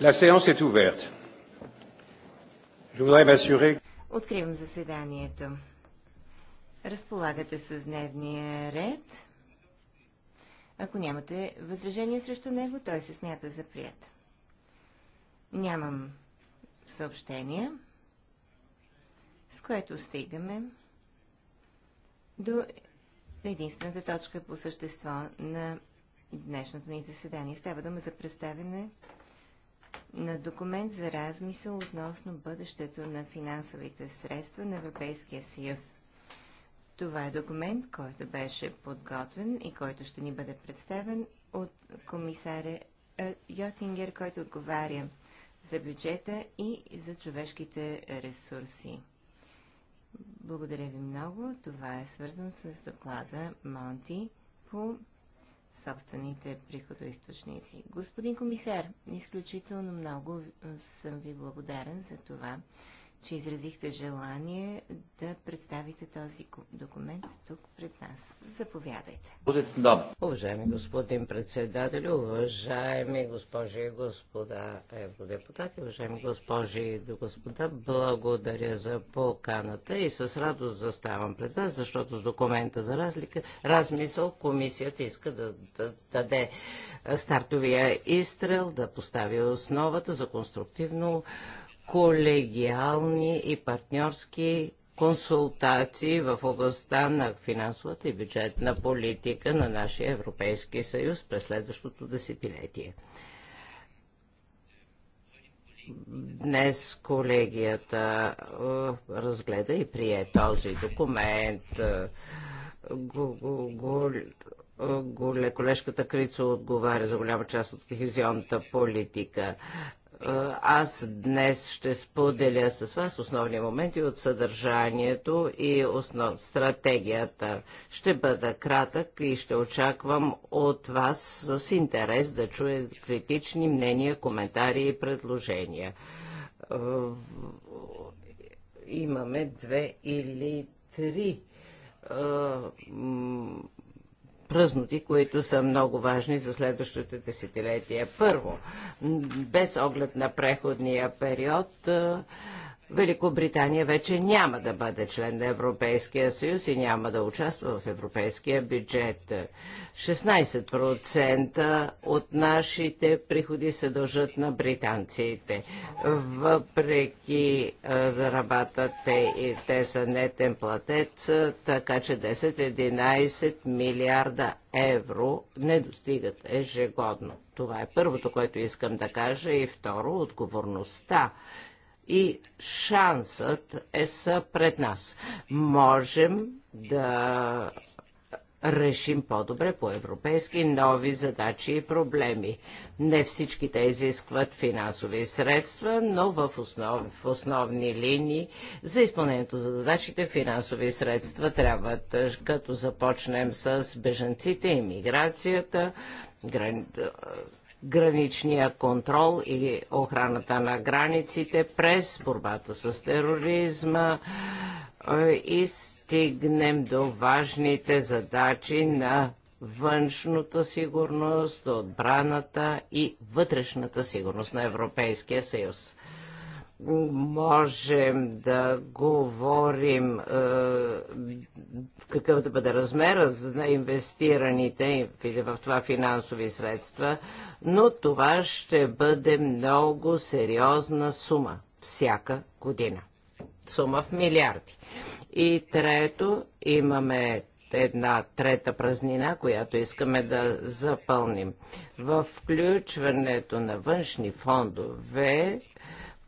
La séance est ouverte. Je voudrais m'assurer. Откривам заседанието. Разполагате с дневния ред. Ако нямате възражение срещу него, той се смята за прият. Нямам съобщения, с което стигаме до единствената точка по същество на днешното ни заседание. Става дума за представяне на документ за размисъл относно бъдещето на финансовите средства на Европейския съюз. Това е документ, който беше подготвен и който ще ни бъде представен от комисаря е, Йотингер, който отговаря за бюджета и за човешките ресурси. Благодаря ви много. Това е свързано с доклада Монти по собствените приходоисточници. Господин комисар, изключително много съм ви благодарен за това, че изразихте желание да представите този документ тук пред нас. Заповядайте. Уважаеми господин председател, уважаеми госпожи и господа евродепутати, уважаеми госпожи и господа, благодаря за поканата и с радост заставам пред вас, защото с документа за разлика, размисъл комисията иска да, да даде стартовия изстрел, да постави основата за конструктивно колегиални и партньорски консултации в областта на финансовата и бюджетна политика на нашия Европейски съюз през следващото десетилетие. Днес колегията е, разгледа и прие този документ. Е, е, колежката Крица отговаря за голяма част от кохезионната политика. Е, аз днес ще споделя с вас основни моменти от съдържанието и основ... стратегията. Ще бъда кратък и ще очаквам от вас с интерес да чуя критични мнения, коментари и предложения. Е, имаме две или три е, пръзноти, които са много важни за следващото десетилетие. Първо, без оглед на преходния период, Великобритания вече няма да бъде член на Европейския съюз и няма да участва в европейския бюджет. 16% от нашите приходи се дължат на британците. Въпреки зарабатате те и те са нетен платец, така че 10-11 милиарда евро не достигат ежегодно. Това е първото, което искам да кажа и второ отговорността и шансът е са пред нас. Можем да решим по-добре по-европейски нови задачи и проблеми. Не всички те изискват финансови средства, но в, основ, в основни линии за изпълнението за задачите финансови средства трябват, е, като започнем с беженците, иммиграцията, грани граничния контрол или охраната на границите, през борбата с тероризма е, и стигнем до важните задачи на външната сигурност, отбраната и вътрешната сигурност на Европейския съюз можем да говорим е, какъв да бъде размера на инвестираните или в това финансови средства, но това ще бъде много сериозна сума всяка година. Сума в милиарди. И трето, имаме една трета празнина, която искаме да запълним. В включването на външни фондове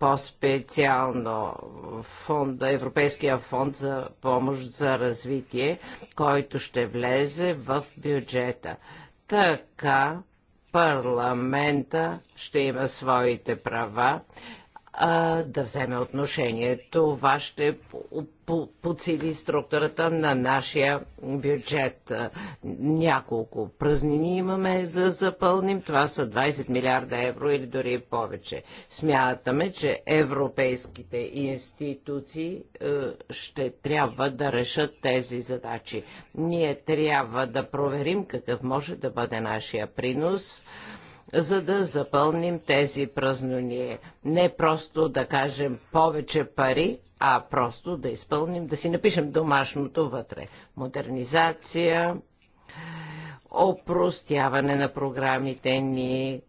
по-специално фонда, Европейския фонд за помощ за развитие, който ще влезе в бюджета. Така парламента ще има своите права а, да вземе отношение. Това ще подсили структурата на нашия бюджет. Няколко празнини имаме за да запълним. Това са 20 милиарда евро или дори повече. Смятаме, че европейските институции е, ще трябва да решат тези задачи. Ние трябва да проверим какъв може да бъде нашия принос за да запълним тези празнини. Не просто да кажем повече пари, а просто да изпълним, да си напишем домашното вътре. Модернизация, опростяване на програмите ни,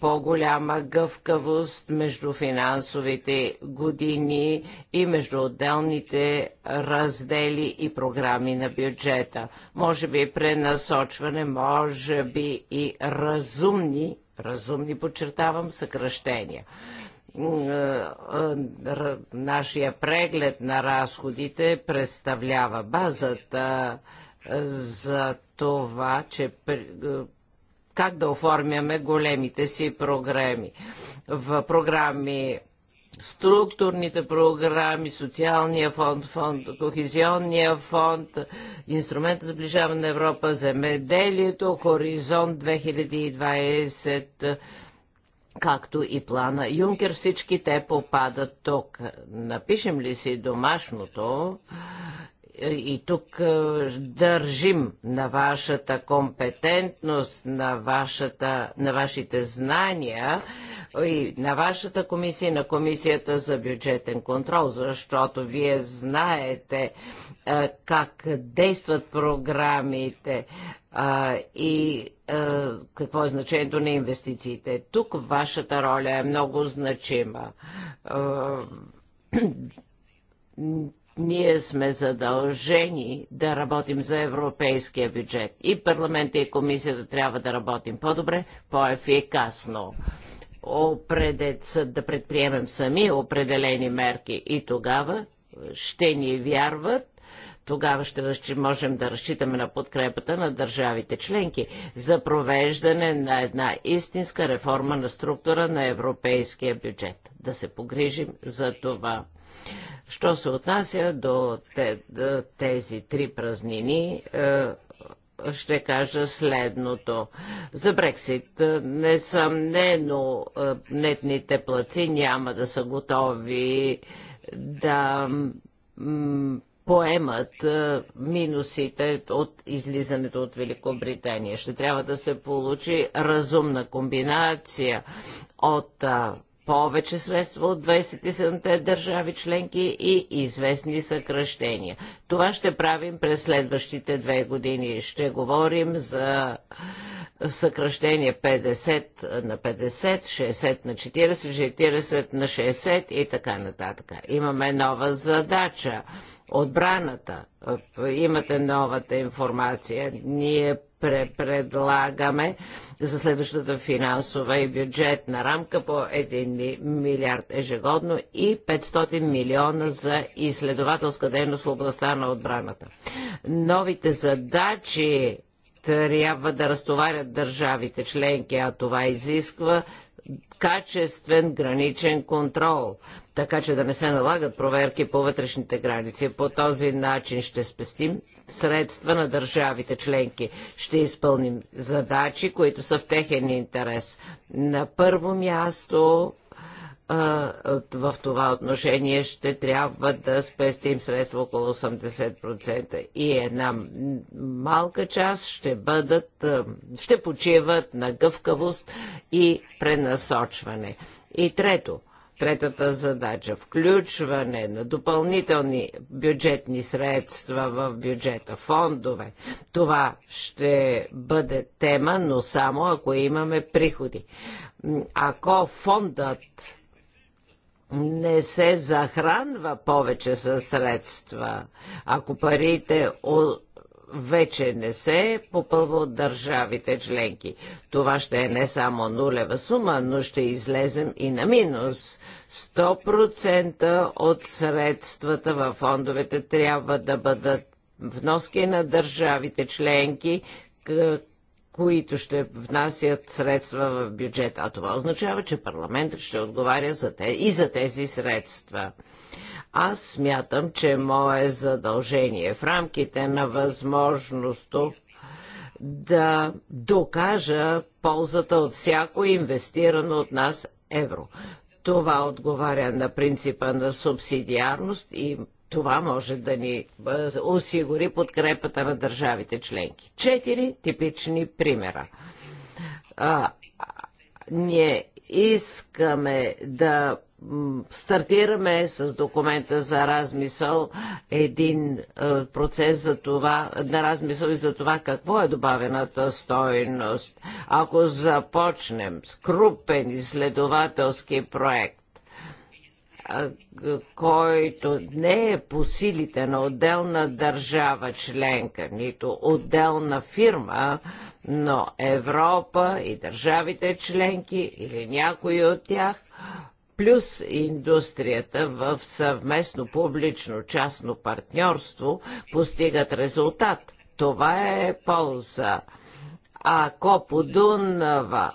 по-голяма гъвкавост между финансовите години и между отделните раздели и програми на бюджета. Може би пренасочване, може би и разумни, разумни подчертавам, съкръщения нашия преглед на разходите представлява базата за това, че как да оформяме големите си програми. В програми структурните програми, социалния фонд, фонд кохезионния фонд, инструмент за ближаване на Европа, земеделието, Хоризонт 2020, както и плана Юнкер, всички те попадат тук. Напишем ли си домашното, и тук е, държим на вашата компетентност, на, вашата, на вашите знания и на вашата комисия и на комисията за бюджетен контрол, защото вие знаете е, как действат програмите е, и какво е значението на инвестициите. Тук вашата роля е много значима ние сме задължени да работим за европейския бюджет. И парламента и комисията трябва да работим по-добре, по-ефикасно да предприемем сами определени мерки и тогава ще ни вярват, тогава ще можем да разчитаме на подкрепата на държавите членки за провеждане на една истинска реформа на структура на европейския бюджет. Да се погрижим за това. Що се отнася до тези три празнини, е, ще кажа следното. За Брексит, е, несъмнено, е, нетните плаци няма да са готови да поемат минусите от излизането от Великобритания. Ще трябва да се получи разумна комбинация от повече средства от 27-те държави членки и известни съкръщения. Това ще правим през следващите две години. Ще говорим за съкръщение 50 на 50, 60 на 40, 40 на 60 и така нататък. Имаме нова задача. Отбраната. Имате новата информация. Ние предлагаме за следващата финансова и бюджетна рамка по 1 милиард ежегодно и 500 милиона за изследователска дейност в областта на отбраната. Новите задачи трябва да разтоварят държавите членки, а това изисква качествен граничен контрол, така че да не се налагат проверки по вътрешните граници. По този начин ще спестим средства на държавите членки. Ще изпълним задачи, които са в техен интерес. На първо място в това отношение ще трябва да спестим средства около 80% и една малка част ще бъдат, ще почиват на гъвкавост и пренасочване. И трето, Третата задача – включване на допълнителни бюджетни средства в бюджета, фондове. Това ще бъде тема, но само ако имаме приходи. Ако фондът не се захранва повече със средства, ако парите вече не се попълва от държавите членки. Това ще е не само нулева сума, но ще излезем и на минус. 100% от средствата във фондовете трябва да бъдат вноски на държавите членки, които ще внасят средства в бюджета. А това означава, че парламентът ще отговаря за те, и за тези средства. Аз смятам, че мое задължение е в рамките на възможността да докажа ползата от всяко инвестирано от нас евро. Това отговаря на принципа на субсидиарност и това може да ни е, осигури подкрепата на държавите членки. Четири типични примера. А, ние искаме да стартираме с документа за размисъл един е, процес за това, на размисъл и за това какво е добавената стоеност. Ако започнем с крупен изследователски проект, който не е по силите на отделна държава членка, нито отделна фирма, но Европа и държавите членки или някои от тях плюс индустрията в съвместно публично-частно партньорство постигат резултат. Това е полза. Ако по Дунава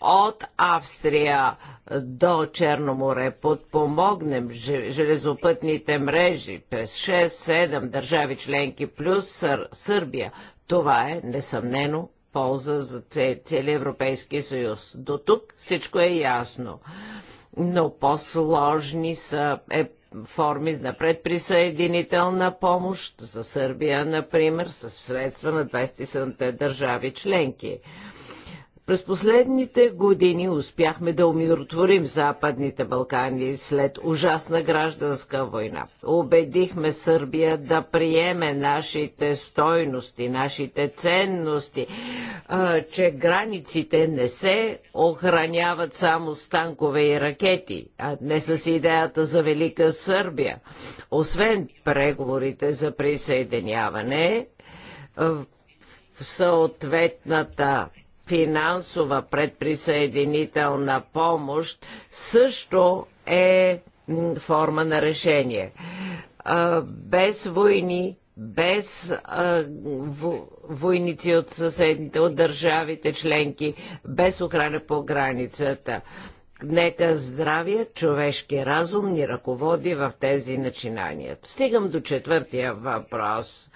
от Австрия до Черно море подпомогнем железопътните мрежи през 6-7 държави членки плюс Сър Сърбия, това е несъмнено полза за целия Европейски съюз. До тук всичко е ясно. Но по-сложни са е, форми на предприсъединителна помощ за Сърбия, например, с средства на 27-те държави членки. През последните години успяхме да умиротворим Западните Балкани след ужасна гражданска война. Убедихме Сърбия да приеме нашите стойности, нашите ценности, че границите не се охраняват само с танкове и ракети, а не с идеята за Велика Сърбия. Освен преговорите за присъединяване, в съответната финансова предприсъединителна помощ също е форма на решение. Без войни, без войници от съседните, от държавите членки, без охрана по границата. Нека здравия човешки разум ни ръководи в тези начинания. Стигам до четвъртия въпрос.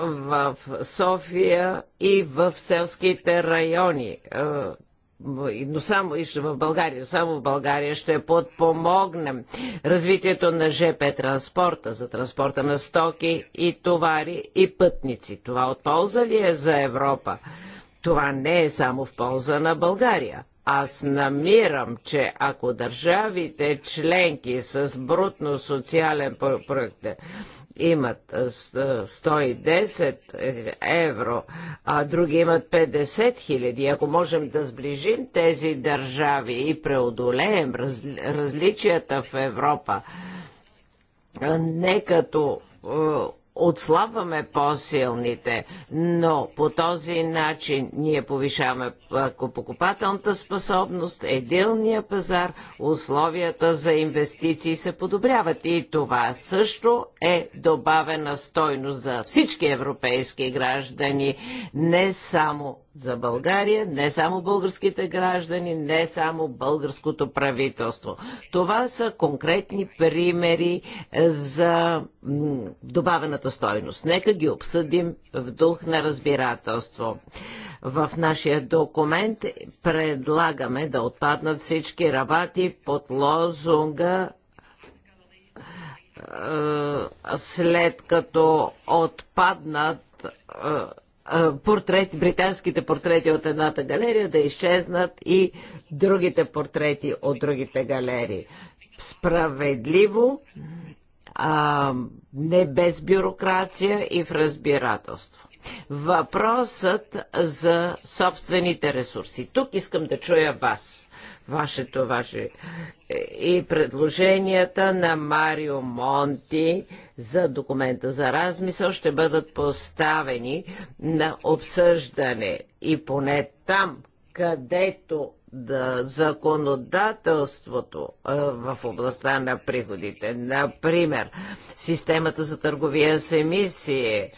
В София и в селските райони е, но само и в България, само в България ще подпомогнем развитието на ЖП транспорта, за транспорта на стоки и товари и пътници. Това от полза ли е за Европа? Това не е само в полза на България. Аз намирам, че ако държавите членки с брутно социален проект имат 110 е, евро, а други имат 50 хиляди. Ако можем да сближим тези държави и преодолеем различията в Европа, не като отслабваме по-силните, но по този начин ние повишаваме покупателната способност, едилния пазар, условията за инвестиции се подобряват и това също е добавена стойност за всички европейски граждани, не само за България, не само българските граждани, не само българското правителство. Това са конкретни примери е, за добавената стойност. Нека ги обсъдим в дух на разбирателство. В нашия документ предлагаме да отпаднат всички рабати под лозунга е, след като отпаднат е, портрет, британските портрети от едната галерия да изчезнат и другите портрети от другите галерии. Справедливо, а, не без бюрокрация и в разбирателство. Въпросът за собствените ресурси. Тук искам да чуя вас вашето, ваше е, и предложенията на Марио Монти за документа за размисъл ще бъдат поставени на обсъждане и поне там, където да, законодателството е, в областта на приходите. Например, системата за търговия с емисии,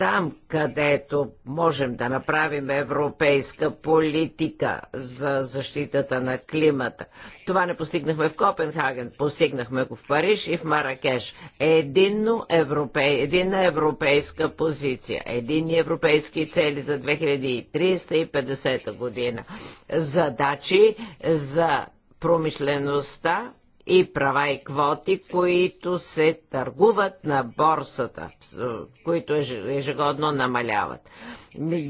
там, където можем да направим европейска политика за защитата на климата. Това не постигнахме в Копенхаген, постигнахме го в Париж и в Маракеш. Единно европей, единна европейска позиция, Едини европейски цели за 2350 година. Задачи за промишлеността и права и квоти, които се търгуват на борсата, които ежегодно намаляват.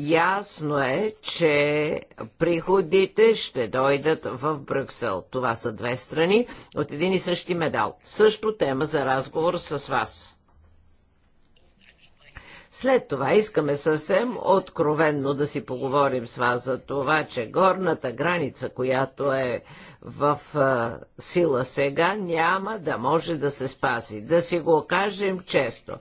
Ясно е, че приходите ще дойдат в Брюксел. Това са две страни от един и същи медал. Също тема за разговор с вас. След това искаме съвсем откровенно да си поговорим с вас за това, че горната граница, която е в а, сила сега, няма да може да се спаси. Да си го кажем често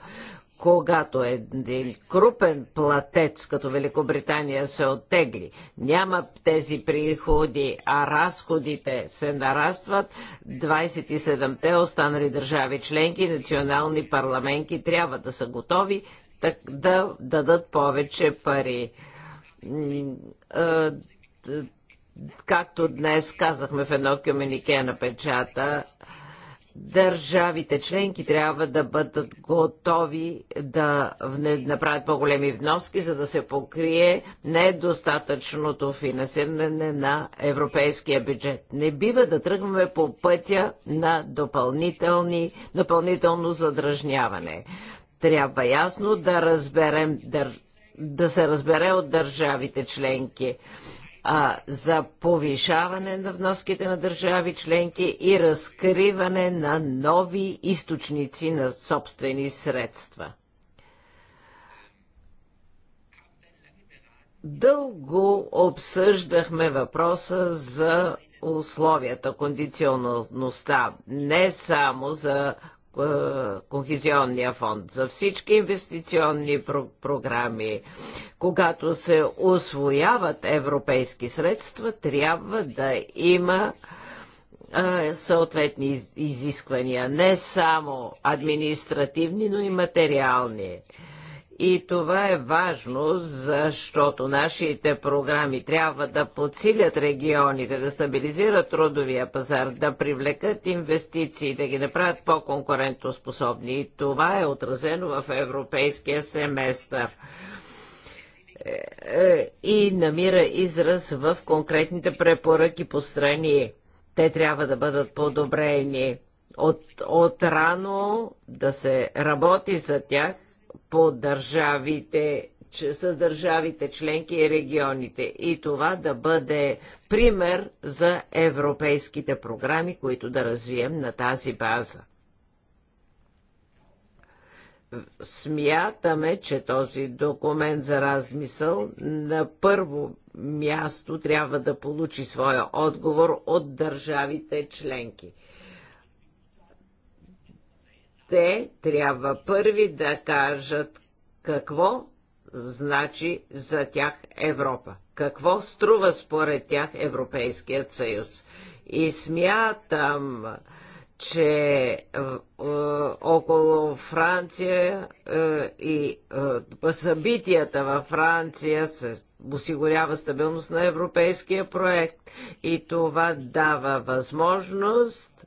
когато един крупен платец като Великобритания се оттегли, няма тези приходи, а разходите се нарастват, 27-те останали държави членки, национални парламенти трябва да са готови да, да дадат повече пари както днес казахме в едно комюнике на печата, държавите членки трябва да бъдат готови да направят по-големи вноски, за да се покрие недостатъчното финансиране на европейския бюджет. Не бива да тръгваме по пътя на допълнителни, допълнително задръжняване. Трябва ясно да, разберем, да, да се разбере от държавите членки а, за повишаване на вноските на държави членки и разкриване на нови източници на собствени средства. Дълго обсъждахме въпроса за условията, кондиционността, не само за е, кохезионния фонд, за всички инвестиционни про- програми, когато се освояват европейски средства, трябва да има а, е, съответни изисквания, не само административни, но и материални. И това е важно, защото нашите програми трябва да подсилят регионите, да стабилизират трудовия пазар, да привлекат инвестиции, да ги направят по-конкурентоспособни. И това е отразено в европейския семестър е, е, и намира израз в конкретните препоръки по страни. Те трябва да бъдат подобрени. От, от рано да се работи за тях по държавите, че с държавите членки и регионите и това да бъде пример за европейските програми, които да развием на тази база. Смятаме, че този документ за размисъл на първо място трябва да получи своя отговор от държавите членки те трябва първи да кажат какво значи за тях Европа. Какво струва според тях Европейският съюз? И смятам, че е, е около Франция е, и е, събитията във Франция се осигурява стабилност на европейския проект и това дава възможност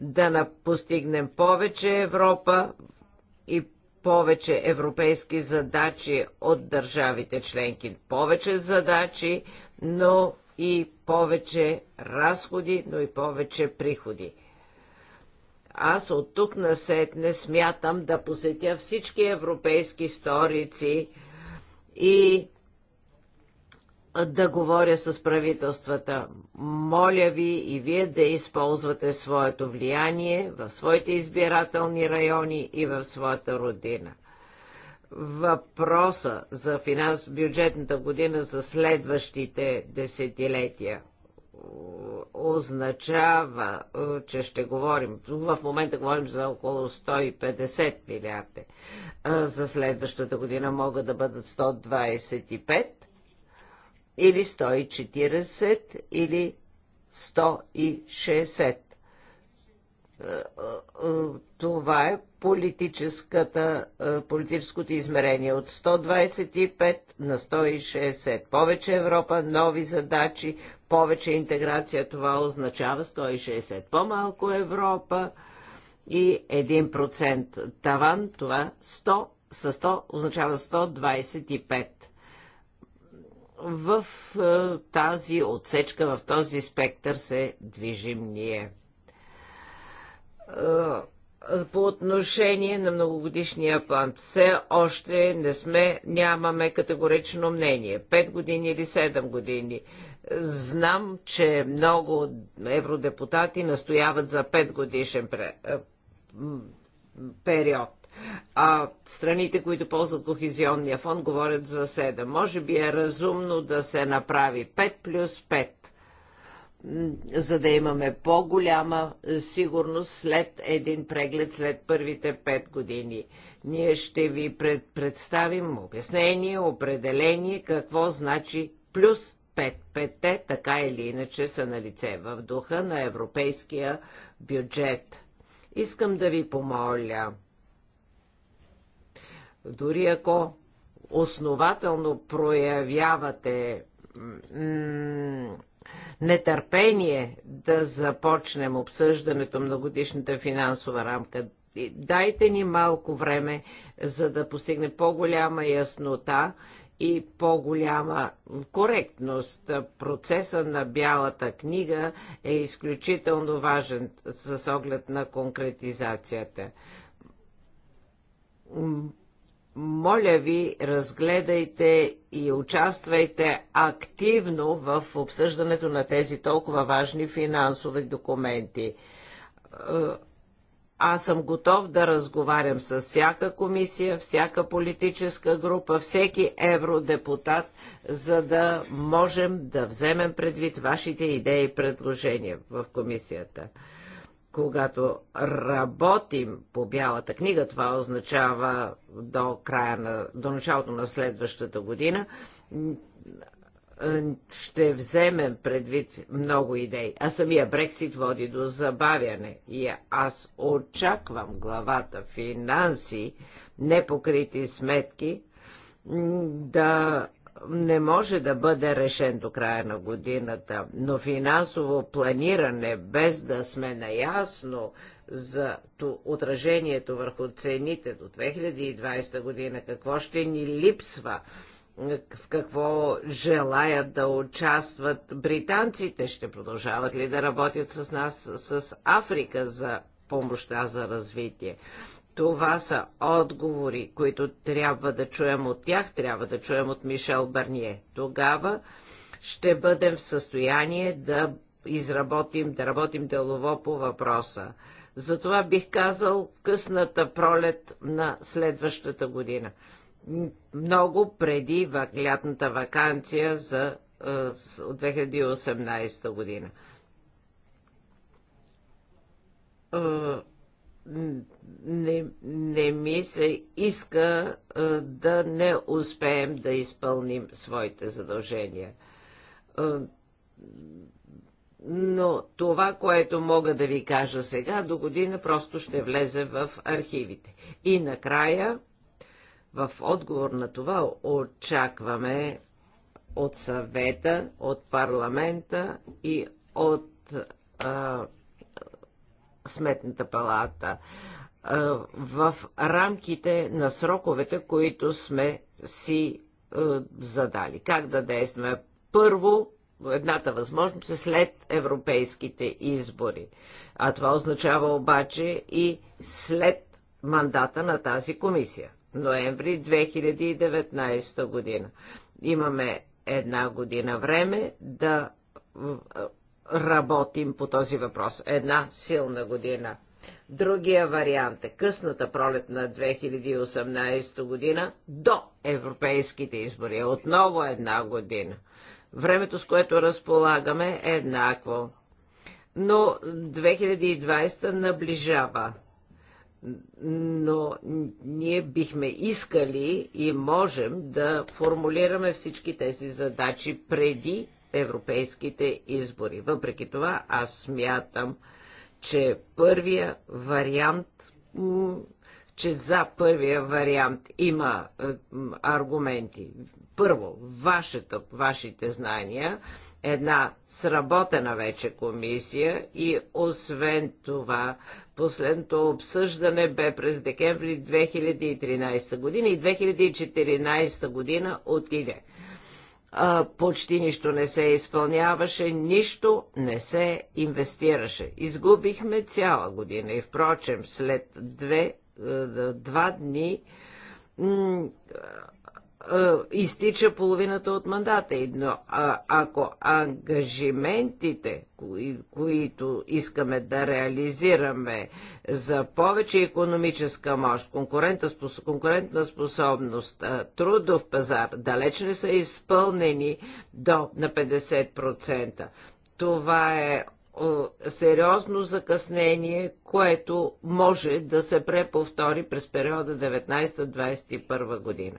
да постигнем повече Европа и повече европейски задачи от държавите членки. Повече задачи, но и повече разходи, но и повече приходи. Аз от тук насетне смятам да посетя всички европейски сторици и да говоря с правителствата. Моля ви и вие да използвате своето влияние в своите избирателни райони и в своята родина. Въпроса за финанс... бюджетната година за следващите десетилетия означава, е, че ще говорим, в момента говорим за около 150 милиарда, е, за следващата година могат да бъдат 125, или 140 или 160. Е, е, е, това е политическото измерение от 125 на 160. Повече Европа, нови задачи, повече интеграция, това означава 160. По-малко Европа и 1% таван, това 100, с 100 означава 125 в е, тази отсечка, в този спектър се движим ние. Е, по отношение на многогодишния план, все още не сме, нямаме категорично мнение. Пет години или седем години. Знам, че много евродепутати настояват за 5 годишен е, период. А страните, които ползват кохезионния фонд, говорят за 7. Може би е разумно да се направи 5 плюс 5 за да имаме по-голяма сигурност след един преглед, след първите 5 години. Ние ще ви пред, представим обяснение, определение, какво значи плюс 5. Петте така или иначе са на лице в духа на европейския бюджет. Искам да ви помоля дори ако основателно проявявате нетърпение да започнем обсъждането на годишната финансова рамка. Дайте ни малко време, за да постигне по-голяма яснота и по-голяма коректност. Процеса на Бялата книга е изключително важен с оглед на конкретизацията моля ви, разгледайте и участвайте активно в обсъждането на тези толкова важни финансови документи. Е, аз съм готов да разговарям с всяка комисия, всяка политическа група, всеки евродепутат, за да можем да вземем предвид вашите идеи и предложения в комисията когато работим по бялата книга, това означава до, края на, до началото на следващата година, ще вземем предвид много идеи. А самия Брексит води до забавяне. И аз очаквам главата финанси, непокрити сметки, да не може да бъде решен до края на годината, но финансово планиране, без да сме наясно за отражението върху цените до 2020 година, какво ще ни липсва, в какво желаят да участват британците, ще продължават ли да работят с нас, с Африка за помощта за развитие. Това са отговори, които трябва да чуем от тях, трябва да чуем от Мишел Барние. Тогава ще бъдем в състояние да изработим, да работим делово по въпроса. Затова бих казал късната пролет на следващата година. Много преди лятната вакансия за 2018 година не, не ми се иска да не успеем да изпълним своите задължения. Но това, което мога да ви кажа сега, до година просто ще влезе в архивите. И накрая, в отговор на това, очакваме от съвета, от парламента и от а, Сметната палата в рамките на сроковете, които сме си задали. Как да действаме? Първо, едната възможност е след европейските избори. А това означава обаче и след мандата на тази комисия. Ноември 2019 година. Имаме една година време да работим по този въпрос. Една силна година. Другия вариант е късната пролет на 2018 година до европейските избори. Е отново една година. Времето, с което разполагаме, е еднакво. Но 2020 наближава. Но ние бихме искали и можем да формулираме всички тези задачи преди европейските избори. Въпреки това, аз смятам, че първия вариант, че за първия вариант има е, аргументи. Първо, вашето, вашите знания, една сработена вече комисия и освен това последното обсъждане бе през декември 2013 година и 2014 година отиде а, почти нищо не се изпълняваше, нищо не се инвестираше. Изгубихме цяла година и впрочем след две, е, е, два дни е, изтича половината от мандата. Но а, ако ангажиментите, кои, които искаме да реализираме за повече економическа мощ, конкурентна способност, трудов пазар, далеч не са изпълнени до на 50%. Това е сериозно закъснение, което може да се преповтори през периода 19-21 година.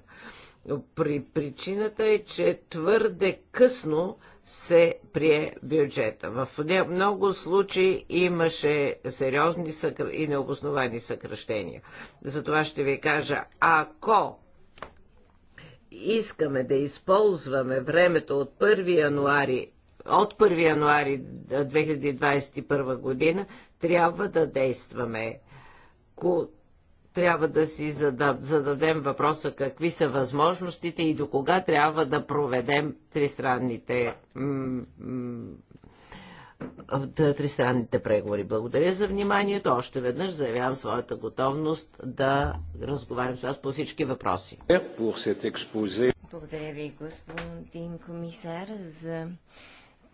При причината е, че твърде късно се прие бюджета. В много случаи имаше сериозни и необосновани съкръщения. Затова ще ви кажа, ако искаме да използваме времето от 1 януари от 1 януари 2021 година трябва да действаме трябва да си зададем въпроса какви са възможностите и до кога трябва да проведем тристранните, тристранните преговори. Благодаря за вниманието. Още веднъж заявявам своята готовност да разговарям с вас по всички въпроси. Благодаря ви, господин комисар, за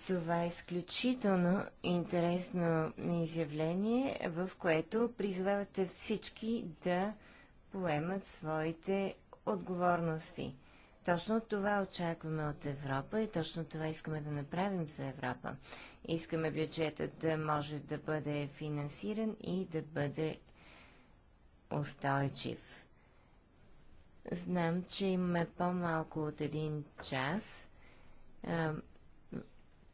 това е изключително интересно изявление, в което призовавате всички да поемат своите отговорности. Точно това очакваме от Европа и точно това искаме да направим за Европа. Искаме бюджетът да може да бъде финансиран и да бъде устойчив. Знам, че имаме по-малко от един час.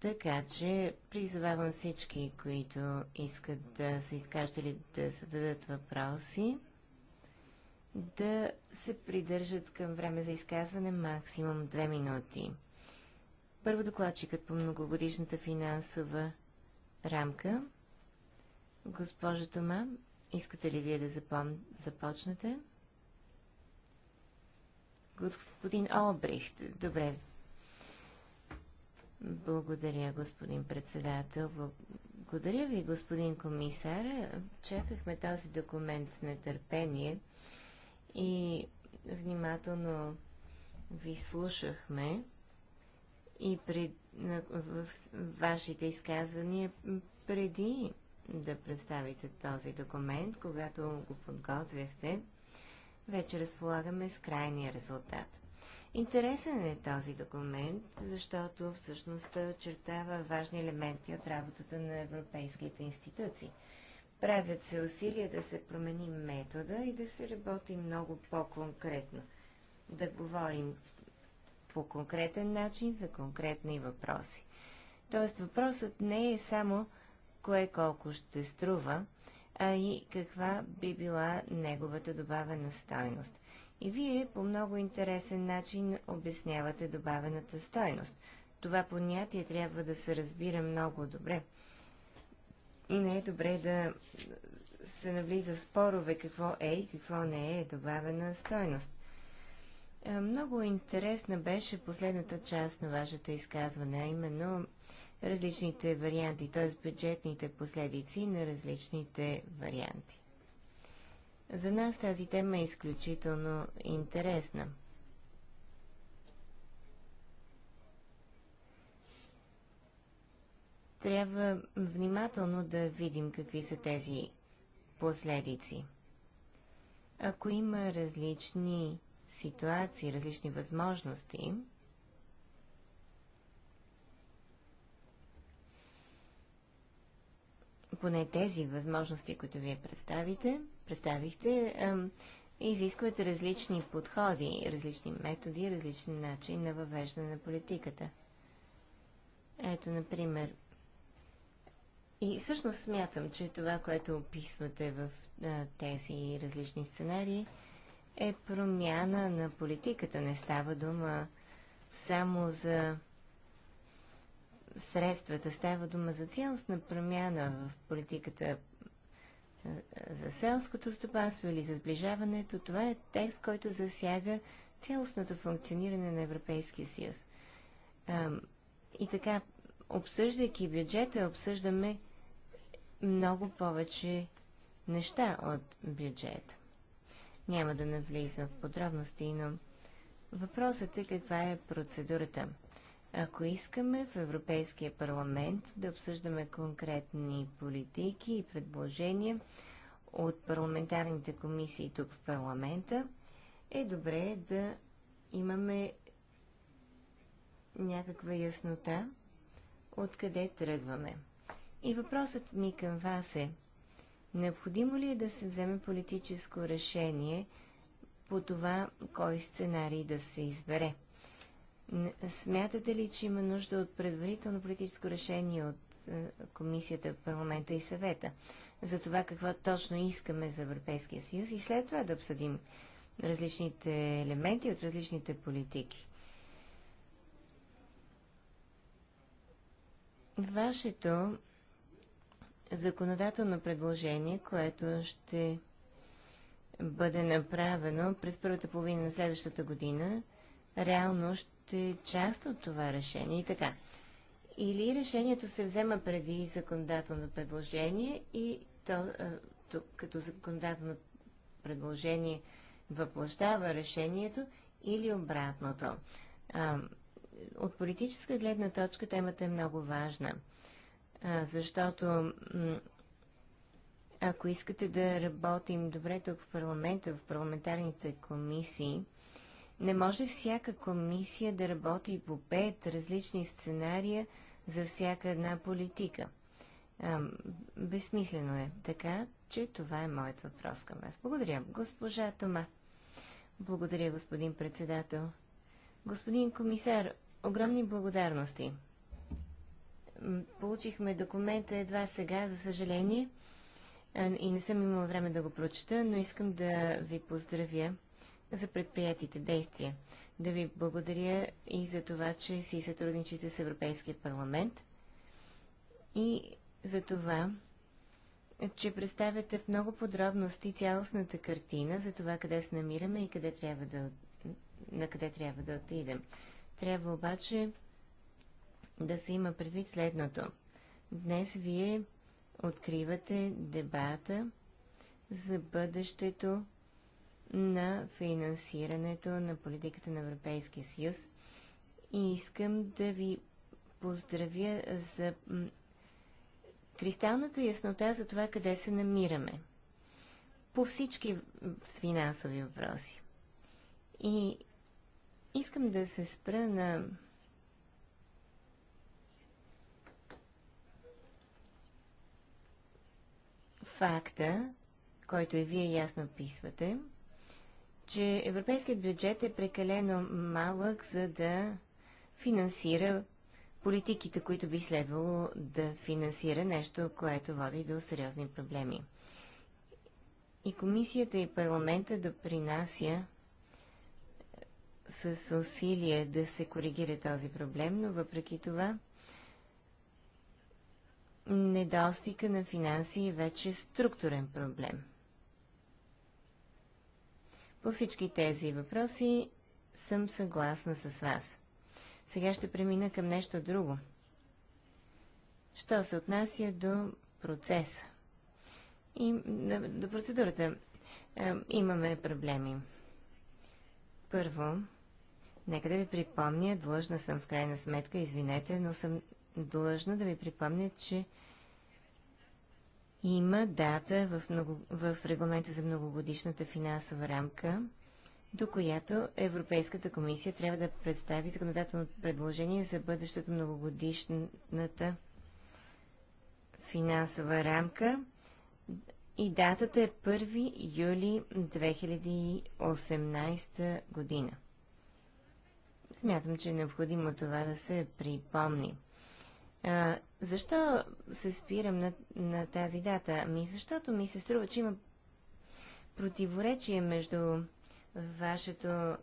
Така че призовавам всички, които искат да се изкажат или да зададат въпроси, да се придържат към време за изказване максимум две минути. Първо докладчикът по многогодишната финансова рамка. Госпожа Тома, искате ли вие да запом... започнете? Господин Олбрихт, добре, благодаря, господин председател. Благодаря ви, господин комисар. Чакахме този документ с нетърпение и внимателно ви слушахме и при, в вашите изказвания преди да представите този документ, когато го подготвяхте, вече разполагаме с крайния резултат. Интересен е този документ, защото всъщност той очертава важни елементи от работата на европейските институции. Правят се усилия да се промени метода и да се работи много по-конкретно. Да говорим по конкретен начин за конкретни въпроси. Тоест въпросът не е само кое колко ще струва, а и каква би била неговата добавена стойност. И вие по много интересен начин обяснявате добавената стойност. Това понятие трябва да се разбира много добре. И не е добре да се навлиза в спорове какво е и какво не е добавена стойност. Е, много интересна беше последната част на вашето изказване, а именно различните варианти, т.е. бюджетните последици на различните варианти. За нас тази тема е изключително интересна. Трябва внимателно да видим какви са тези последици. Ако има различни ситуации, различни възможности, поне тези възможности, които вие представите, представихте, изискват различни подходи, различни методи, различни начин на въвеждане на политиката. Ето, например, и всъщност смятам, че това, което описвате в тези различни сценарии, е промяна на политиката. Не става дума само за средствата, става дума за цялостна промяна в политиката за селското стопанство или за сближаването, това е текст, който засяга цялостното функциониране на Европейския съюз. И така, обсъждайки бюджета, обсъждаме много повече неща от бюджета. Няма да навлизам в подробности, но въпросът е каква е процедурата. Ако искаме в Европейския парламент да обсъждаме конкретни политики и предложения от парламентарните комисии тук в парламента, е добре да имаме някаква яснота откъде тръгваме. И въпросът ми към вас е, необходимо ли е да се вземе политическо решение по това, кой сценарий да се избере? Смятате ли, че има нужда от предварително политическо решение от е, Комисията, парламента и съвета за това какво точно искаме за Европейския съюз и след това да обсъдим различните елементи от различните политики. Вашето законодателно предложение, което ще бъде направено през първата половина на следващата година, реално ще е част от това решение. И така, или решението се взема преди законодателно предложение и то, като законодателно предложение въплъщава решението или обратното. от политическа гледна точка темата е много важна, защото ако искате да работим добре тук в парламента, в парламентарните комисии, не може всяка комисия да работи по пет различни сценария за всяка една политика. А, безсмислено е. Така, че това е моят въпрос към вас. Благодаря, госпожа Тома. Благодаря, господин председател. Господин комисар, огромни благодарности. Получихме документа едва сега, за съжаление, и не съм имала време да го прочета, но искам да ви поздравя за предприятите действия. Да ви благодаря и за това, че си сътрудничите с Европейския парламент и за това, че представяте в много подробности цялостната картина за това къде се намираме и къде трябва да, на къде трябва да отидем. Трябва обаче да се има предвид следното. Днес вие откривате дебата за бъдещето на финансирането на политиката на Европейския съюз. И искам да ви поздравя за кристалната яснота за това къде се намираме по всички финансови въпроси. И искам да се спра на факта, който и вие ясно описвате – че европейският бюджет е прекалено малък, за да финансира политиките, които би следвало да финансира нещо, което води до сериозни проблеми. И комисията и парламента допринася с усилие да се коригира този проблем, но въпреки това недостига на финанси е вече структурен проблем. По всички тези въпроси съм съгласна с вас. Сега ще премина към нещо друго. Що се отнася до процеса и до процедурата, е, имаме проблеми. Първо, нека да ви припомня, длъжна съм в крайна сметка, извинете, но съм длъжна да ви припомня, че има дата в, много, в регламента за многогодишната финансова рамка, до която Европейската комисия трябва да представи законодателно предложение за бъдещата многогодишната финансова рамка. И датата е 1 юли 2018 година. Смятам, че е необходимо това да се припомни. А, защо се спирам на, на тази дата? Ми, защото ми се струва, че има противоречие между вашето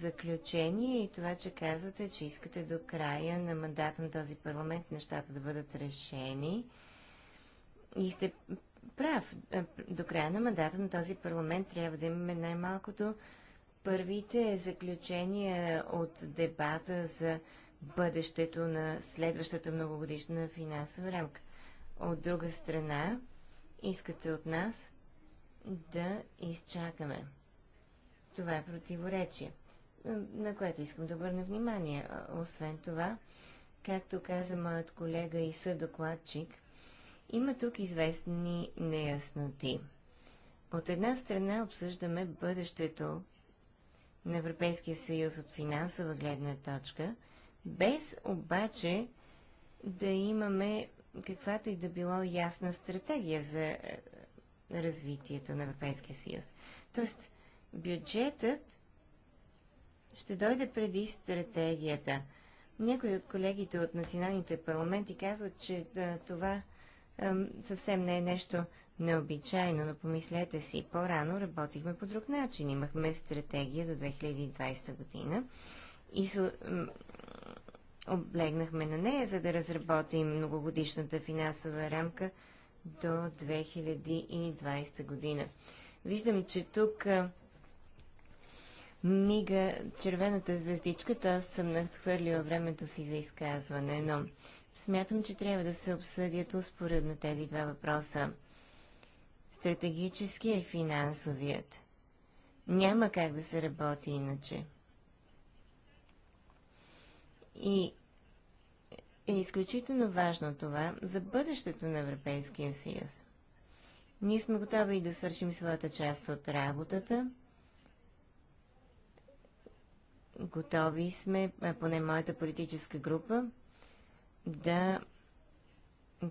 заключение и това, че казвате, че искате до края на мандата на този парламент нещата да бъдат решени. И сте прав. Е, до края на мандата на този парламент трябва да имаме най-малкото първите заключения от дебата за бъдещето на следващата многогодишна финансова рамка. От друга страна, искате от нас да изчакаме. Това е противоречие, на което искам да обърна внимание. Освен това, както каза моят колега и съдокладчик, има тук известни неясноти. От една страна обсъждаме бъдещето на Европейския съюз от финансова гледна точка – без обаче да имаме каквато и да било ясна стратегия за е, развитието на Европейския съюз. Тоест, бюджетът ще дойде преди стратегията. Някои от колегите от националните парламенти казват, че е, това е, съвсем не е нещо необичайно, но помислете си, по-рано работихме по друг начин. Имахме стратегия до 2020 година и облегнахме на нея, за да разработим многогодишната финансова рамка до 2020 година. Виждам, че тук мига червената звездичка, т.е. съм надхвърлила времето си за изказване, но смятам, че трябва да се обсъдят успоредно тези два въпроса. стратегическия и е финансовият. Няма как да се работи иначе. И е изключително важно това за бъдещето на Европейския съюз. Ние сме готови и да свършим своята част от работата. Готови сме, поне моята политическа група, да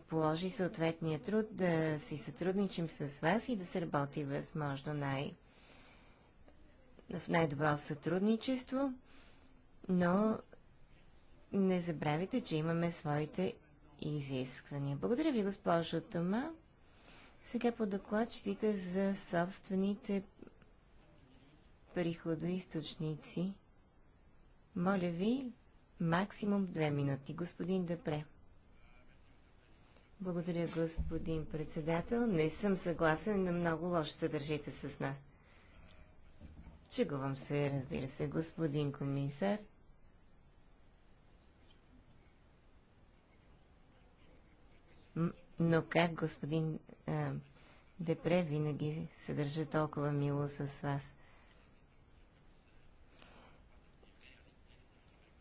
положи съответния труд, да си сътрудничим с вас и да се работи възможно най- в най-добро сътрудничество, но не забравяйте, че имаме своите изисквания. Благодаря ви, госпожо Тома. Сега по доклад четите за собствените приходоисточници. Моля ви, максимум две минути. Господин Депре. Благодаря, господин председател. Не съм съгласен, на много лошо се с нас. Чегувам се, разбира се, господин комисар. Но как господин а, Депре винаги се държа толкова мило с вас?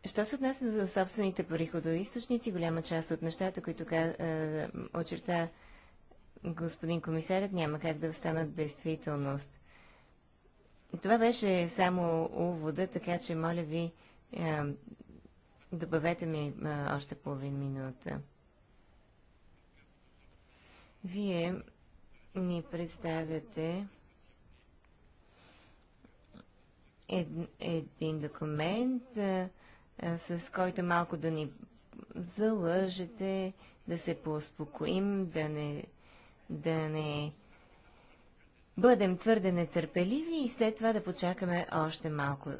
Що се отнася за собствените приходоисточници, голяма част от нещата, които а, очерта господин комисарят, няма как да станат действителност. Това беше само увода, така че моля ви, а, добавете ми а, още половин минута. Вие ни представяте ед, един документ, а, с който малко да ни залъжете, да се поуспокоим, да не, да не бъдем твърде нетърпеливи и след това да почакаме още малко.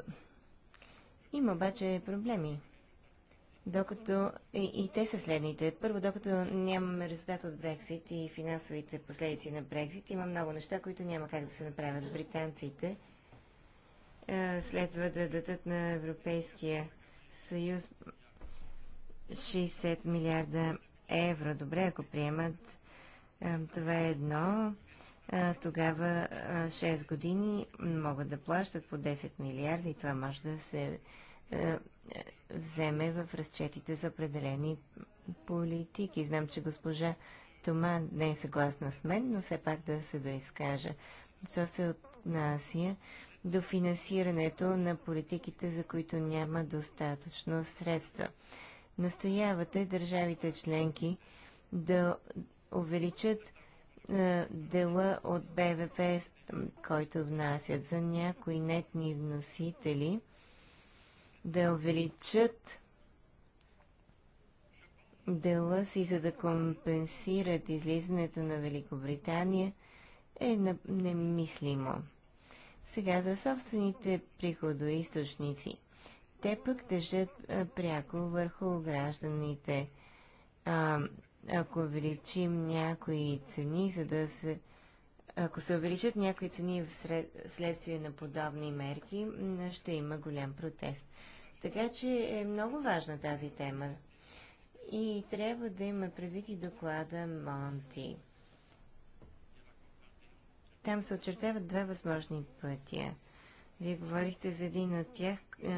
Има обаче проблеми докато и те са следните. Първо, докато нямаме резултат от Брексит и финансовите последици на Брексит, има много неща, които няма как да се направят. Британците е, следва да дадат на Европейския съюз 60 милиарда евро. Добре, ако приемат, е, това е едно. Е, тогава 6 години могат да плащат по 10 милиарда и това може да се вземе в разчетите за определени политики. Знам, че госпожа Тома не е съгласна с мен, но все пак да се доизкажа. Що се отнася до финансирането на политиките, за които няма достатъчно средства. Настоявате държавите членки да увеличат е, дела от БВП, който внасят за някои нетни вносители да увеличат дела си, за да компенсират излизането на Великобритания, е немислимо. Сега за собствените приходоисточници. Те пък държат пряко върху гражданите. А, ако увеличим някои цени, за да се ако се увеличат някои цени в сред... следствие на подобни мерки, ще има голям протест. Така че е много важна тази тема. И трябва да има предвид и доклада Монти. Там се очертават два възможни пътя. Вие говорихте за един от тях, е,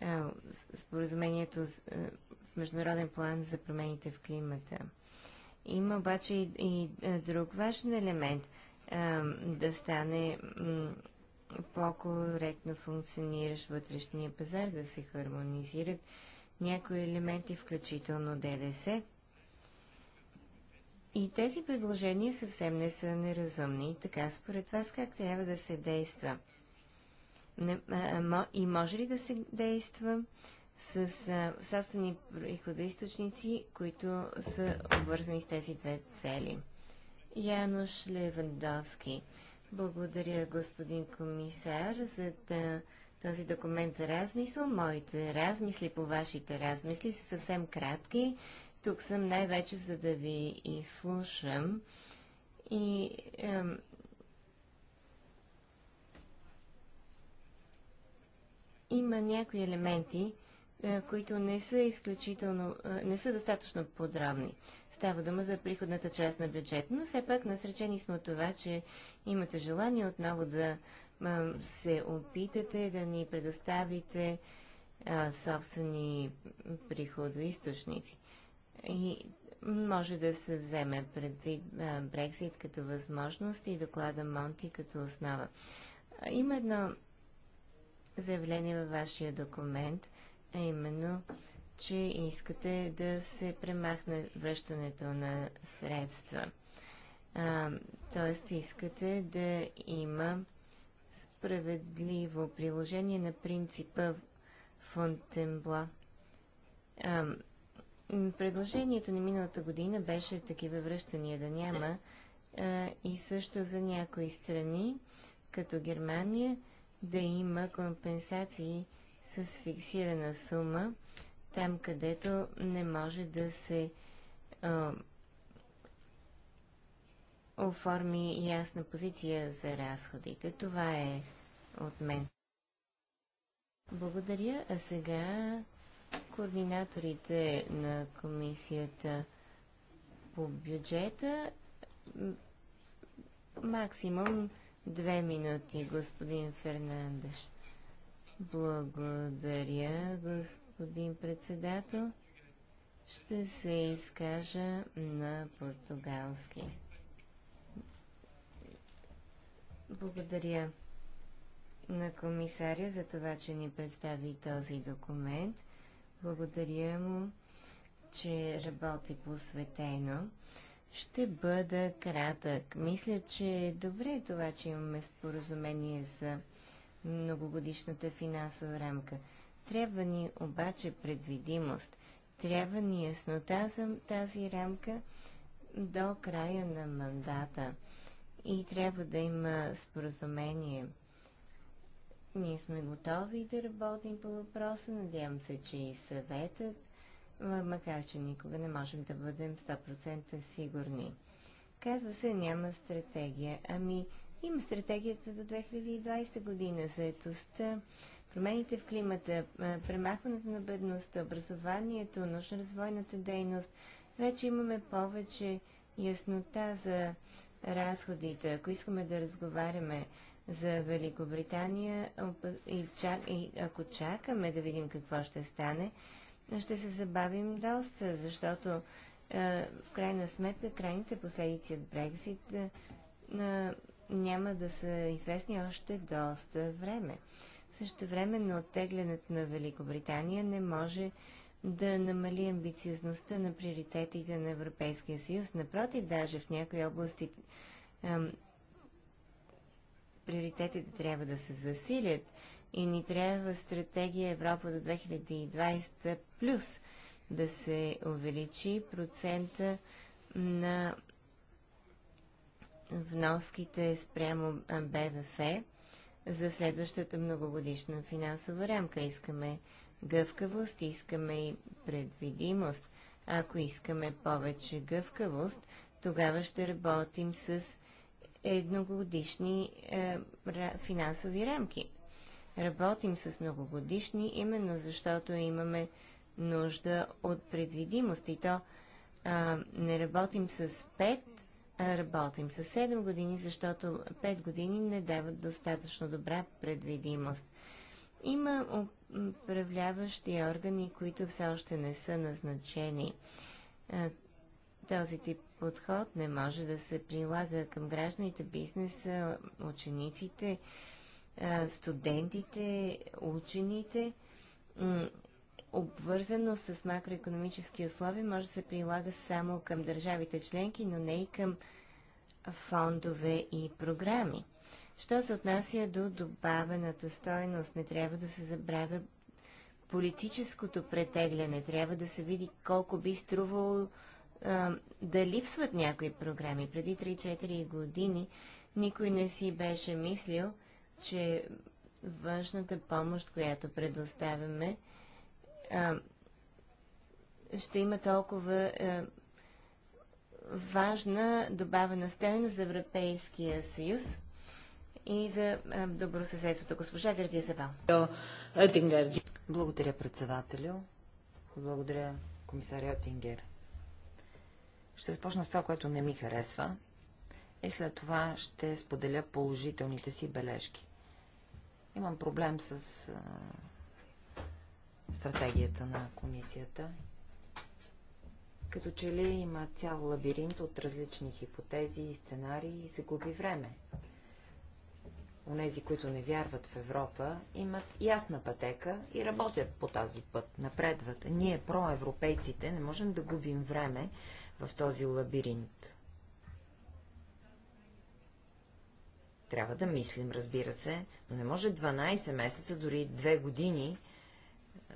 е, споразумението с, е, в международен план за промените в климата. Има обаче и, и е, друг важен елемент е, да стане по-коректно функциониращ вътрешния пазар, да се хармонизират някои елементи, включително ДДС. И тези предложения съвсем не са неразумни. Така, според вас, как трябва да се действа? Не, а, и може ли да се действа с а, собствени приходоисточници, които са обвързани с тези две цели. Януш Левандовски. Благодаря, господин комисар, за да, този документ за размисъл. Моите размисли по вашите размисли са съвсем кратки. Тук съм най-вече за да ви изслушам. И ем, има някои елементи, е, които не са изключително, е, не са достатъчно подробни. Става дума за приходната част на бюджет, но все пак насречени сме от това, че имате желание отново да се опитате да ни предоставите собствени приходоисточници. И може да се вземе предвид Брексит като възможност и доклада Монти като основа. Има едно заявление във вашия документ, а е именно, че искате да се премахне връщането на средства. А, тоест, искате да има справедливо приложение на принципа Фонтенбла. А, предложението на миналата година беше такива връщания да няма а, и също за някои страни, като Германия, да има компенсации с фиксирана сума, там където не може да се а, оформи ясна позиция за разходите. Това е от мен. Благодаря. А сега координаторите на комисията по бюджета. Максимум две минути, господин Фернандеш. Благодаря, господин председател. Ще се изкажа на португалски. Благодаря на комисаря за това, че ни представи този документ. Благодаря му, че работи посветено. Ще бъда кратък. Мисля, че е добре това, че имаме споразумение за многогодишната финансова рамка. Трябва ни обаче предвидимост. Трябва ни яснота за тази рамка до края на мандата. И трябва да има споразумение. Ние сме готови да работим по въпроса. Надявам се, че и съветът, макар че никога не можем да бъдем 100% сигурни. Казва се, няма стратегия. Ами, има стратегията до 2020 година за етостта, промените в климата, премахването на бедността, образованието, научно-развойната дейност. Вече имаме повече яснота за разходите. Ако искаме да разговаряме за Великобритания и, чак, и ако чакаме да видим какво ще стане, ще се забавим доста, защото е, в крайна сметка крайните последици от Брекзит е, няма да са известни още доста време. Също време, но оттеглянето на Великобритания не може да намали амбициозността на приоритетите на Европейския съюз. Напротив, даже в някои области ам, приоритетите трябва да се засилят и ни трябва стратегия Европа до 2020 плюс да се увеличи процента на вноските спрямо БВФ за следващата многогодишна финансова рамка. Искаме гъвкавост, искаме и предвидимост. Ако искаме повече гъвкавост, тогава ще работим с едногодишни е, финансови рамки. Работим с многогодишни, именно защото имаме нужда от предвидимост. И то е, не работим с 5 работим с 7 години, защото 5 години не дават достатъчно добра предвидимост. Има управляващи органи, които все още не са назначени. Този тип подход не може да се прилага към гражданите, бизнеса, учениците, студентите, учените обвързано с макроекономически условия може да се прилага само към държавите членки, но не и към фондове и програми. Що се отнася до добавената стойност, не трябва да се забравя политическото претегляне. Трябва да се види колко би струвало да липсват някои програми. Преди 3-4 години никой не си беше мислил, че външната помощ, която предоставяме, ще има толкова важна добавена стойност за Европейския съюз и за добросъседството. Госпожа Гърдия Забал. Благодаря, председателю. Благодаря, комисаря Отингер. Ще започна с това, което не ми харесва и след това ще споделя положителните си бележки. Имам проблем с стратегията на комисията. Като че ли има цял лабиринт от различни хипотези и сценарии и се губи време. Онези, които не вярват в Европа, имат ясна пътека и работят по тази път, напредват. Ние, проевропейците, не можем да губим време в този лабиринт. Трябва да мислим, разбира се, но не може 12 месеца, дори 2 години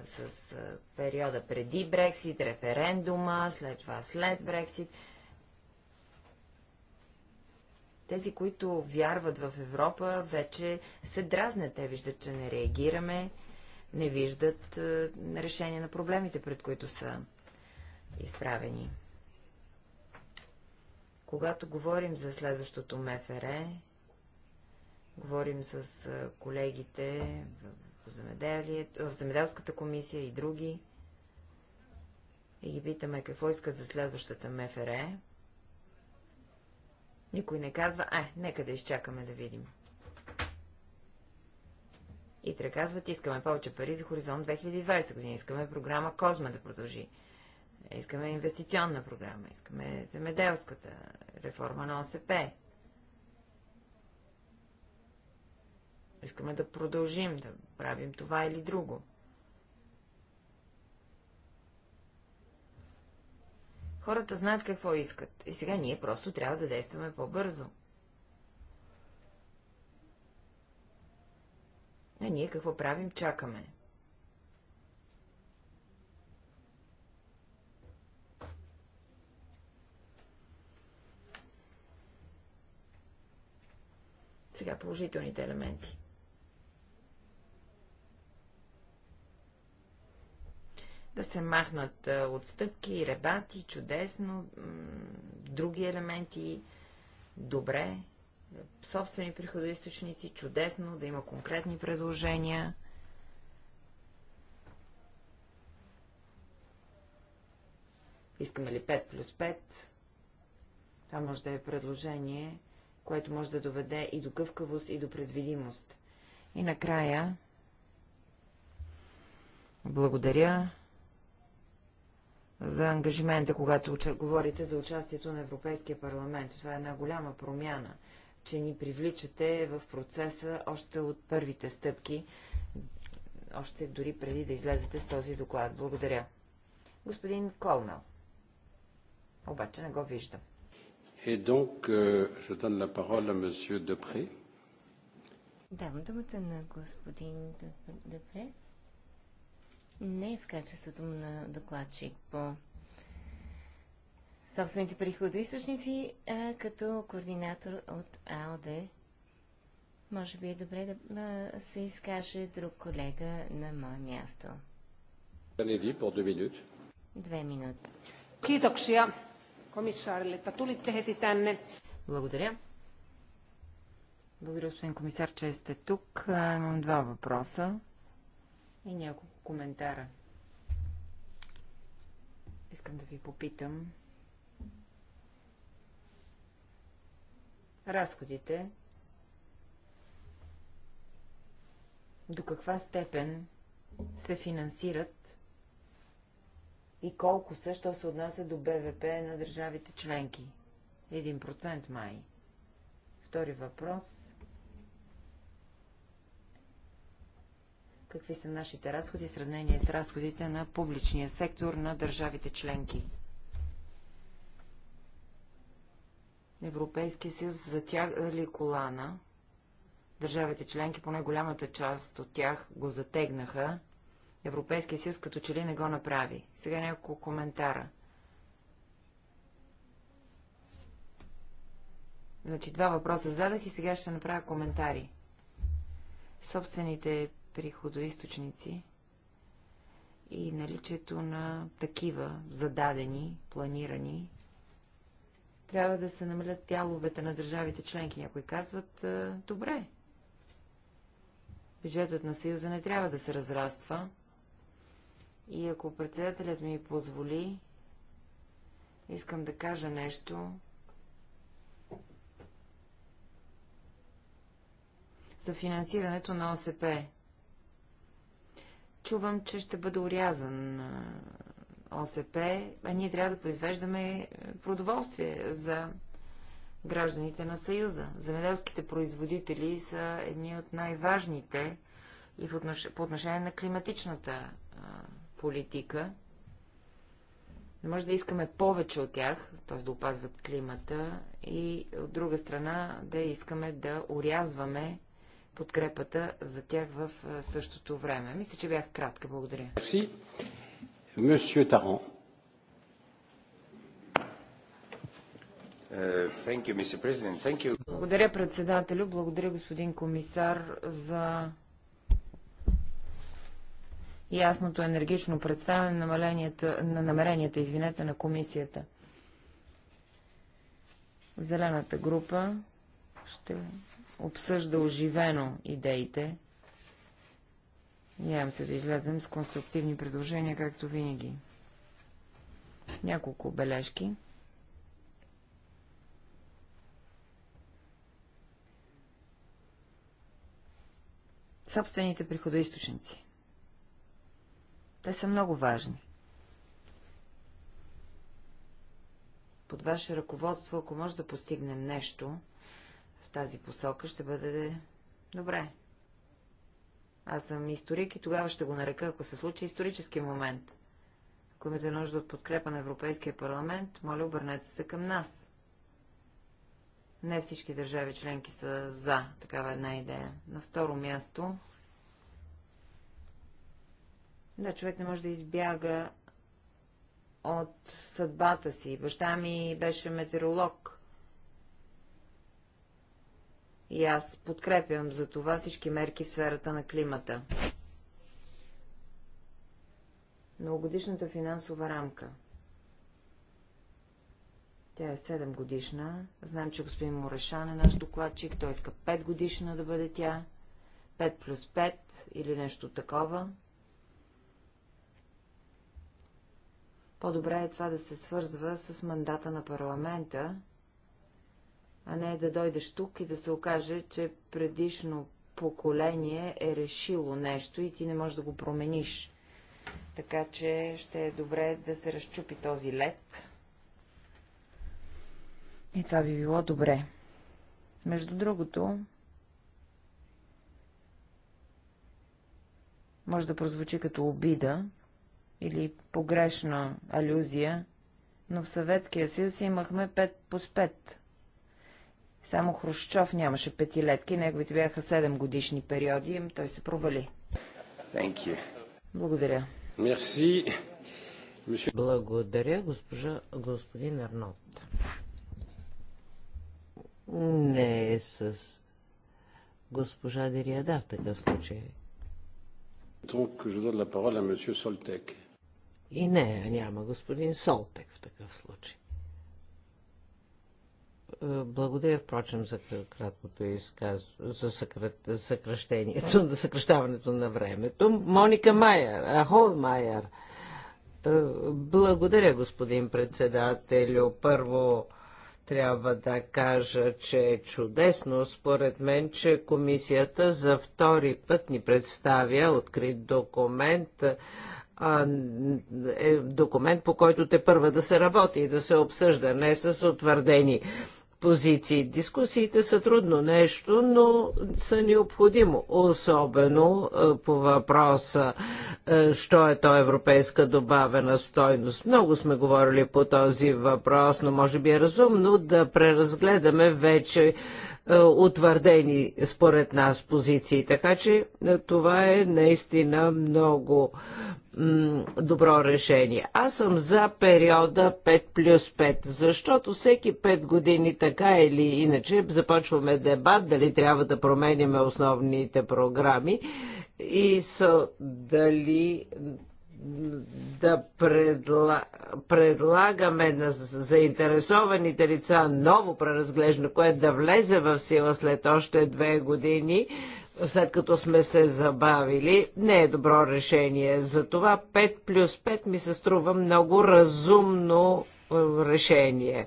с периода преди Брексит, референдума, след това след Брексит. Тези, които вярват в Европа, вече се дразнят. Те виждат, че не реагираме, не виждат решение на проблемите, пред които са изправени. Когато говорим за следващото МФР, говорим с колегите по в земеделската комисия и други. И ги питаме какво искат за следващата МФР. Никой не казва, а, «Е, нека да изчакаме да видим. И те казват, искаме повече пари за Хоризонт 2020 година, искаме програма Козма да продължи, искаме инвестиционна програма, искаме земеделската реформа на ОСП, Искаме да продължим да правим това или друго. Хората знаят какво искат и сега ние просто трябва да действаме по-бързо. А ние какво правим? Чакаме. Сега положителните елементи. да се махнат отстъпки, ребати, чудесно, други елементи, добре, собствени приходоисточници, чудесно, да има конкретни предложения. Искаме ли 5 плюс 5? Това може да е предложение, което може да доведе и до гъвкавост, и до предвидимост. И накрая, благодаря за ангажимента, когато говорите за участието на Европейския парламент. Това е една голяма промяна, че ни привличате в процеса още от първите стъпки, още дори преди да излезете с този доклад. Благодаря. Господин Колмел. Обаче не го виждам. И donc, euh, je donne la parole à Monsieur Depré. Давам думата на господин Депре не в качеството му на докладчик по собствените източници, а като координатор от АЛДЕ. Може би е добре да се изкаже друг колега на мое място. Две минути. Kiitoksia komissaarille, että tulitte heti tänne. Благодаря. Благодаря, господин комисар, че сте тук. Имам два въпроса и няколко коментара. Искам да ви попитам. Разходите. До каква степен се финансират и колко също що се отнася до БВП на държавите членки? 1% май. Втори въпрос какви са нашите разходи в сравнение с разходите на публичния сектор на държавите членки. Европейския съюз затягали колана. Държавите членки, поне голямата част от тях, го затегнаха. Европейския съюз като че ли не го направи. Сега няколко коментара. Значи два въпроса зададах и сега ще направя коментари. Собствените приходоисточници и наличието на такива зададени, планирани, трябва да се намалят тяловете на държавите членки. Някои казват, е, добре, бюджетът на Съюза не трябва да се разраства. И ако председателят ми позволи, искам да кажа нещо. За финансирането на ОСП чувам, че ще бъде урязан ОСП, а ние трябва да произвеждаме е, продоволствие за гражданите на Съюза. Земеделските производители са едни от най-важните и по отношение на климатичната политика. Не може да искаме повече от тях, т.е. да опазват климата, и от друга страна да искаме да урязваме подкрепата за тях в същото време. Мисля, че бях кратка. Благодаря. Merci. Monsieur Taron. Uh, thank you, Mr. President. Thank you. Благодаря председателю, благодаря господин комисар за ясното енергично представяне на, на намеренията извинете, на комисията. Зелената група ще обсъжда оживено идеите. Нямам се да излезем с конструктивни предложения, както винаги. Няколко бележки. Собствените приходоисточници. Те са много важни. Под ваше ръководство, ако може да постигнем нещо, в тази посока, ще бъде добре. Аз съм историк и тогава ще го нарека, ако се случи исторически момент. Ако имате нужда от подкрепа на Европейския парламент, моля обърнете се към нас. Не всички държави членки са за такава една идея. На второ място... Да, човек не може да избяга от съдбата си. Баща ми беше метеоролог и аз подкрепям за това всички мерки в сферата на климата. Многогодишната финансова рамка. Тя е 7 годишна. Знам, че господин Морешан е наш докладчик. Той иска 5 годишна да бъде тя. 5 плюс 5 или нещо такова. По-добре е това да се свързва с мандата на парламента а не да дойдеш тук и да се окаже, че предишно поколение е решило нещо и ти не можеш да го промениш. Така че ще е добре да се разчупи този лед. И това би било добре. Между другото, може да прозвучи като обида или погрешна алюзия, но в Съветския съюз имахме 5 по 5. Само Хрущов нямаше петилетки, неговите бяха седем годишни периоди и той се провали. Thank you. Благодаря. Merci. Благодаря, госпожа, господин Арнот. Не е с госпожа Дериада в такъв случай. Donc, je donne la parole à monsieur Soltec. И не, няма господин Солтек в такъв случай. Е, благодаря, впрочем, за краткото изказ, за съкръщението, за съкръщаването на времето. Моника Майер, Хол Майер. Е, благодаря, господин председателю. Първо, трябва да кажа, че е чудесно, според мен, че комисията за втори път ни представя открит документ, а, е документ, по който те първа да се работи и да се обсъжда, не с утвърдени позиции. Дискусиите са трудно нещо, но са необходимо, особено е, по въпроса, е, що е то европейска добавена стойност. Много сме говорили по този въпрос, но може би е разумно да преразгледаме вече е, е, утвърдени според нас позиции. Така че е, това е наистина много добро решение. Аз съм за периода 5 плюс 5, защото всеки 5 години така или иначе започваме дебат дали трябва да променяме основните програми и са, дали да предла... предлагаме на заинтересованите лица ново преразглеждане, което да влезе в сила след още две години, след като сме се забавили, не е добро решение. Затова 5 плюс 5 ми се струва много разумно е, решение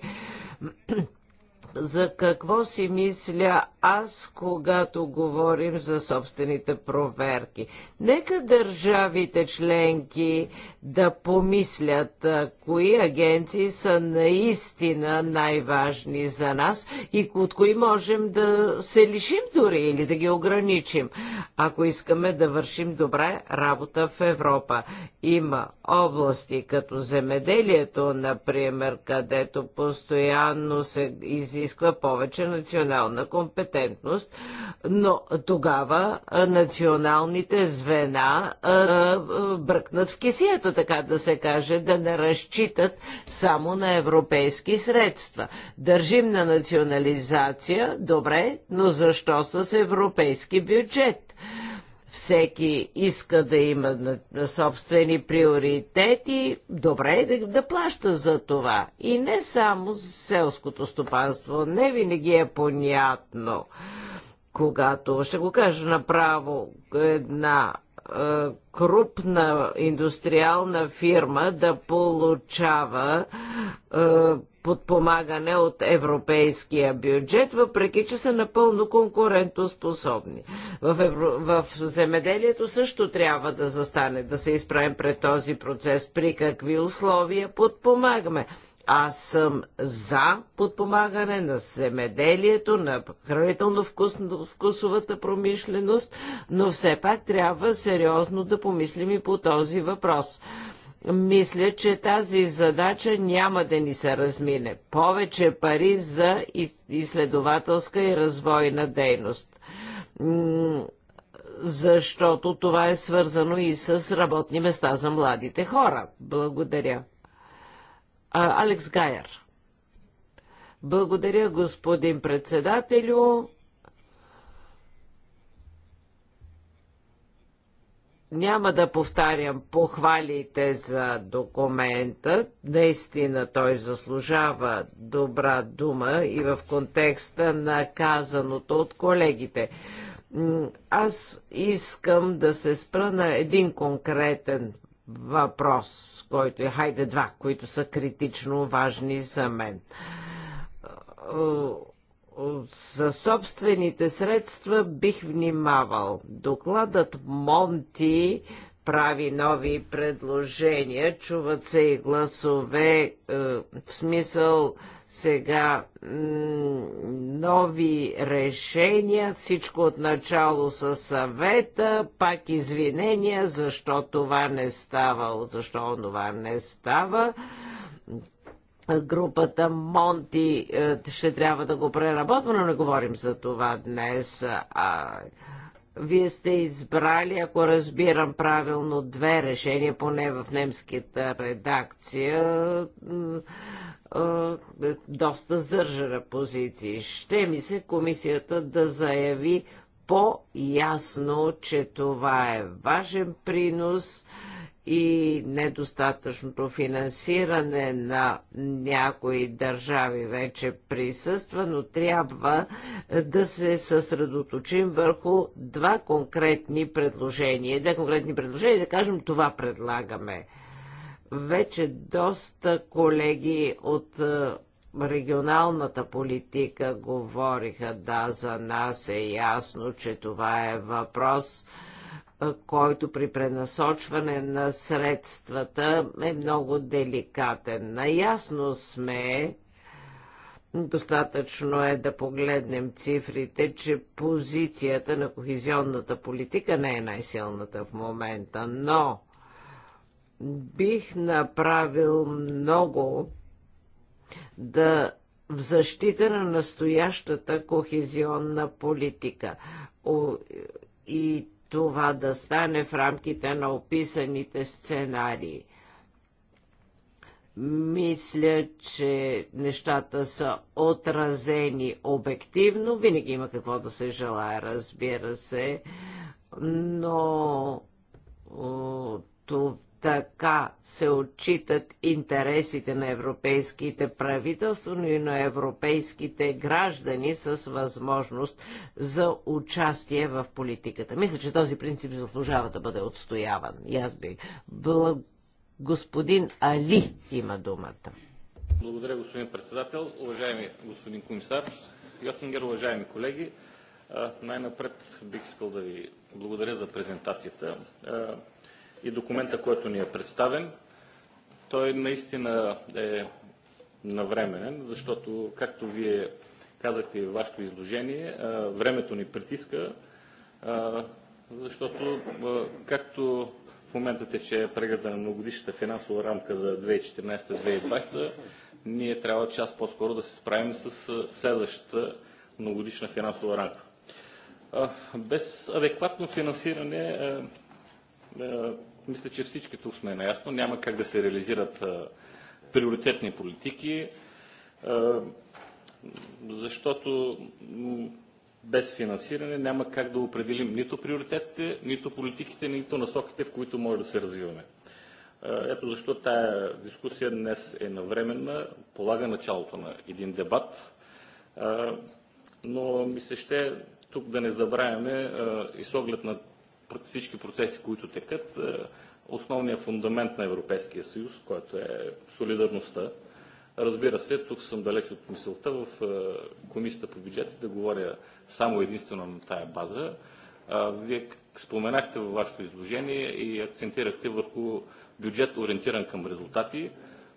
за какво си мисля аз, когато говорим за собствените проверки. Нека държавите членки да помислят кои агенции са наистина най-важни за нас и от кои можем да се лишим дори или да ги ограничим, ако искаме да вършим добра работа в Европа. Има области като земеделието, например, където постоянно се изисква изисква повече национална компетентност, но тогава националните звена бръкнат в кисията, така да се каже, да не разчитат само на европейски средства. Държим на национализация, добре, но защо с европейски бюджет? всеки иска да има собствени приоритети, добре е да, да плаща за това. И не само селското стопанство, не винаги е понятно. Когато, ще го кажа направо, една е, крупна индустриална фирма да получава е, подпомагане от европейския бюджет, въпреки че са напълно конкурентоспособни. В, евро... в земеделието също трябва да застане, да се изправим пред този процес. При какви условия подпомагаме? Аз съм за подпомагане на земеделието, на хранително-вкусовата промишленост, но все пак трябва сериозно да помислим и по този въпрос. Мисля, че тази задача няма да ни се размине. Повече пари за изследователска и развойна дейност защото това е свързано и с работни места за младите хора. Благодаря. А, Алекс Гайер. Благодаря, господин председателю. Няма да повтарям похвалите за документа. Наистина той заслужава добра дума и в контекста на казаното от колегите. Аз искам да се спра на един конкретен въпрос, който е хайде два, които са критично важни за мен. Със собствените средства бих внимавал. Докладът Монти прави нови предложения. Чуват се и гласове е, в смисъл сега нови решения, всичко от начало със съвета, пак извинения, защо това не става, защо това не става групата Монти е, ще трябва да го преработва, но не говорим за това днес. А, вие сте избрали, ако разбирам правилно, две решения, поне в немската редакция, доста сдържана позиции. Ще ми се комисията да заяви по-ясно, че това е важен принос и недостатъчното финансиране на някои държави вече присъства, но трябва е, да се съсредоточим върху два конкретни предложения. Две конкретни предложения, да кажем това предлагаме. Вече доста колеги от е, регионалната политика говориха, да, за нас е ясно, че това е въпрос, който при пренасочване на средствата е много деликатен. Наясно сме, достатъчно е да погледнем цифрите, че позицията на кохизионната политика не е най-силната в момента, но бих направил много да в защита на настоящата кохезионна политика. И това да стане в рамките на описаните сценарии. Мисля, че нещата са отразени обективно. Винаги има какво да се желая, разбира се, но така се отчитат интересите на европейските правителства, но и на европейските граждани с възможност за участие в политиката. Мисля, че този принцип заслужава да бъде отстояван. И аз би Бл... Господин Али има думата. Благодаря, господин председател. Уважаеми господин комисар Йотингер, уважаеми колеги, най-напред бих искал да ви благодаря за презентацията и документа, който ни е представен. Той наистина е навременен, защото, както вие казахте и в вашето изложение, времето ни притиска, защото както в момента тече прегледа на многогодишната финансова рамка за 2014-2020, ние трябва час по-скоро да се справим с следващата многогодишна финансова рамка. Без адекватно финансиране е, мисля, че всички тук сме наясно, няма как да се реализират е, приоритетни политики, е, защото без финансиране няма как да определим нито приоритетите, нито политиките, нито насоките, в които може да се развиваме. Ето защо тая дискусия днес е навременна, полага началото на един дебат, но ми се ще тук да не забравяме и с оглед на всички процеси, които текат, е, основният фундамент на Европейския съюз, който е солидарността. Разбира се, тук съм далеч от мисълта в е, комисията по бюджет, да говоря само единствено на тая база. Вие споменахте във вашето изложение и акцентирахте върху бюджет ориентиран към резултати,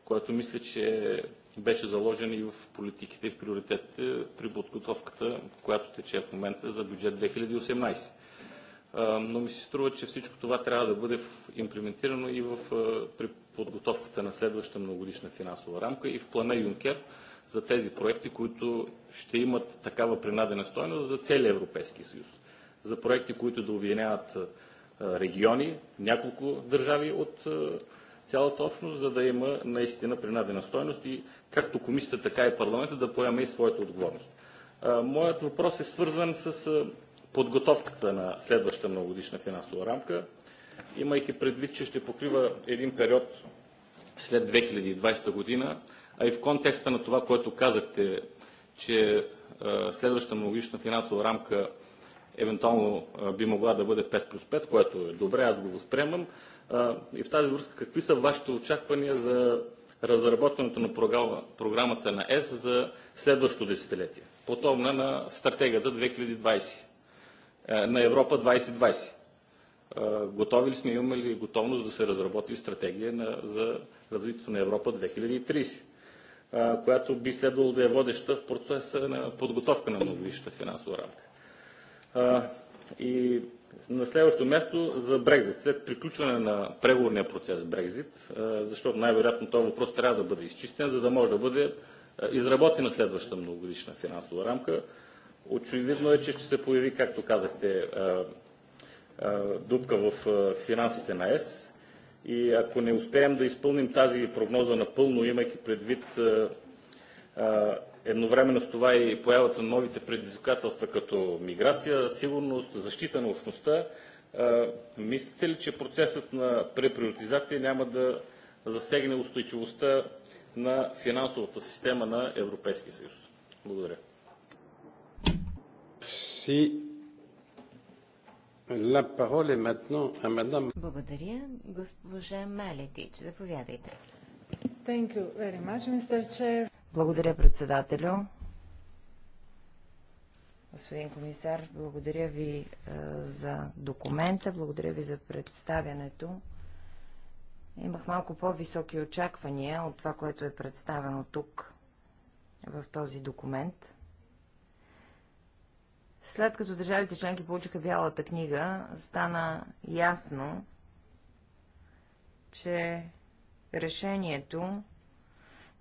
който мисля, че беше заложен и в политиките и в приоритетите при подготовката, която тече в момента за бюджет 2018 но ми се струва, че всичко това трябва да бъде имплементирано и в, при подготовката на следваща многогодишна финансова рамка и в плана Юнкер за тези проекти, които ще имат такава принадена стойност за целия Европейски съюз. За проекти, които да обединяват региони, няколко държави от цялата общност, за да има наистина принадена стойност и както комисията, така и парламента да поеме и своята отговорност. Моят въпрос е свързан с подготовката на следващата многогодишна финансова рамка, имайки предвид, че ще покрива един период след 2020 година, а и в контекста на това, което казахте, че следващата многогодишна финансова рамка евентуално би могла да бъде 5 плюс 5, което е добре, аз го възприемам. И в тази връзка, какви са вашите очаквания за разработването на програмата на ЕС за следващото десетилетие, подобна на стратегията 2020? Е, на Европа 2020. Е, готови ли сме, имаме ли готовност да се разработи стратегия на, за развитието на Европа 2030, е, която би следвало да е водеща в процеса на подготовка на многовища финансова рамка. И на следващо място за Брекзит. След приключване на преговорния процес Брекзит, защото най-вероятно този въпрос трябва да бъде изчистен, за да може да бъде изработена следваща многогодишна финансова рамка, Очевидно е, че ще се появи, както казахте, е, е, дупка в е, финансите на ЕС. И ако не успеем да изпълним тази прогноза напълно, имайки предвид едновременно с това и появата на новите предизвикателства като миграция, сигурност, защита на общността, мислите ли, че процесът на преприоритизация няма да засегне устойчивостта на финансовата система на Европейския съюз? Благодаря. Merci. La parole est maintenant à madame. Благодаря, госпожа Малетич. Заповядайте. Thank you very much, Mr. Chair. Благодаря, председателю. Господин комисар, благодаря ви е, за документа, благодаря ви за представянето. Имах малко по-високи очаквания от това, което е представено тук в този документ. След като държавите членки получиха бялата книга, стана ясно, че решението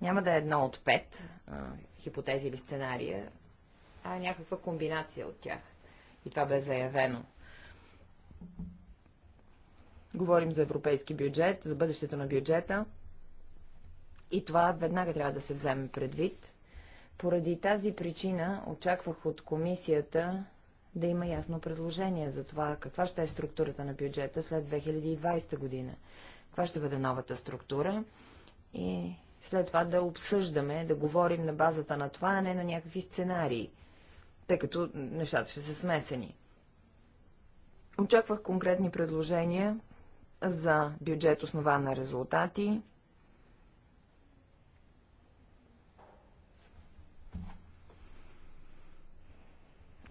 няма да е едно от пет хипотези или сценария, а някаква комбинация от тях. И това бе заявено. Говорим за европейски бюджет, за бъдещето на бюджета. И това веднага трябва да се вземе предвид. Поради тази причина очаквах от комисията да има ясно предложение за това, каква ще е структурата на бюджета след 2020 година, каква ще бъде новата структура и след това да обсъждаме, да говорим на базата на това, а не на някакви сценарии, тъй като нещата ще са смесени. Очаквах конкретни предложения за бюджет основан на резултати,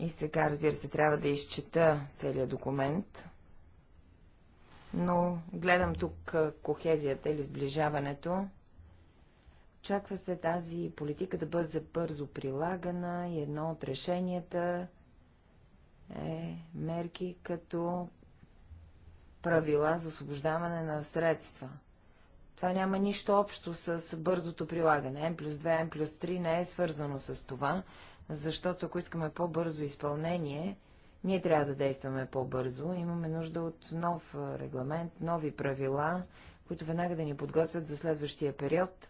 И сега, разбира се, трябва да изчета целият документ, но гледам тук кохезията или сближаването. Очаква се тази политика да бъде бързо прилагана и едно от решенията е мерки като правила за освобождаване на средства. Това няма нищо общо с бързото прилагане. М плюс 2, М плюс 3 не е свързано с това защото ако искаме по-бързо изпълнение, ние трябва да действаме по-бързо. Имаме нужда от нов регламент, нови правила, които веднага да ни подготвят за следващия период,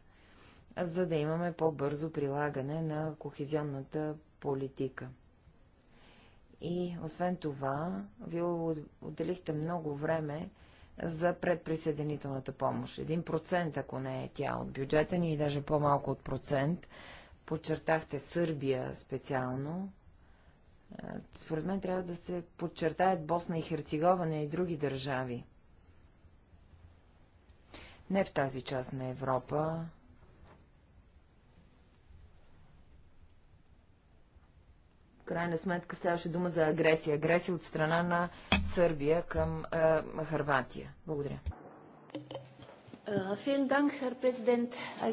за да имаме по-бързо прилагане на кохезионната политика. И освен това, ви отделихте много време за предприсъединителната помощ. Един процент, ако не е тя от бюджета ни и даже по-малко от процент, подчертахте Сърбия специално. Според мен трябва да се подчертаят Босна и Херцеговина и други държави. Не в тази част на Европа. В крайна сметка ставаше дума за агресия. Агресия от страна на Сърбия към е, Харватия. Благодаря. Е,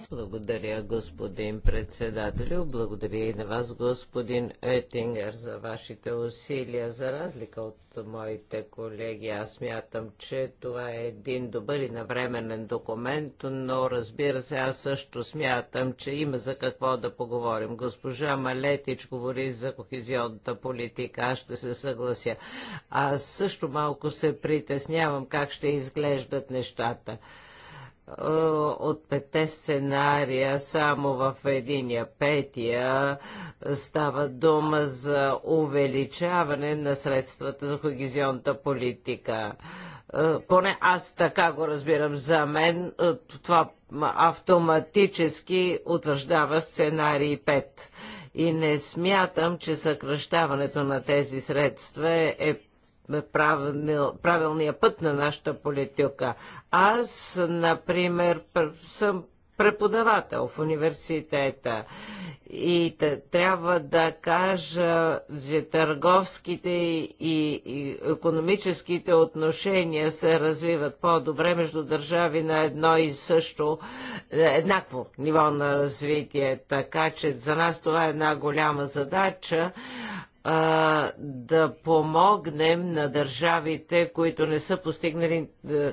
Благодаря, господин председателю. Благодаря и на вас, господин Етингер, за вашите усилия. За разлика от моите колеги, аз мятам, че това е един добър и навременен документ, но разбира се, аз също смятам, че има за какво да поговорим. Госпожа Малетич говори за кохезионната политика. Аз ще се съглася. Аз също малко се притеснявам как ще изглеждат нещата. Е, от пете сценария, само в единия петия става дума за увеличаване на средствата за когизионната политика. Е, поне аз така го разбирам за мен. Е, това автоматически утвърждава сценарий 5 и не смятам, че съкръщаването на тези средства е правил, правилния път на нашата политика. Аз, например, съм преподавател в университета и трябва да кажа, че търговските и економическите отношения се развиват по-добре между държави на едно и също еднакво ниво на развитие. Така че за нас това е една голяма задача а, да помогнем на държавите, които не са постигнали а,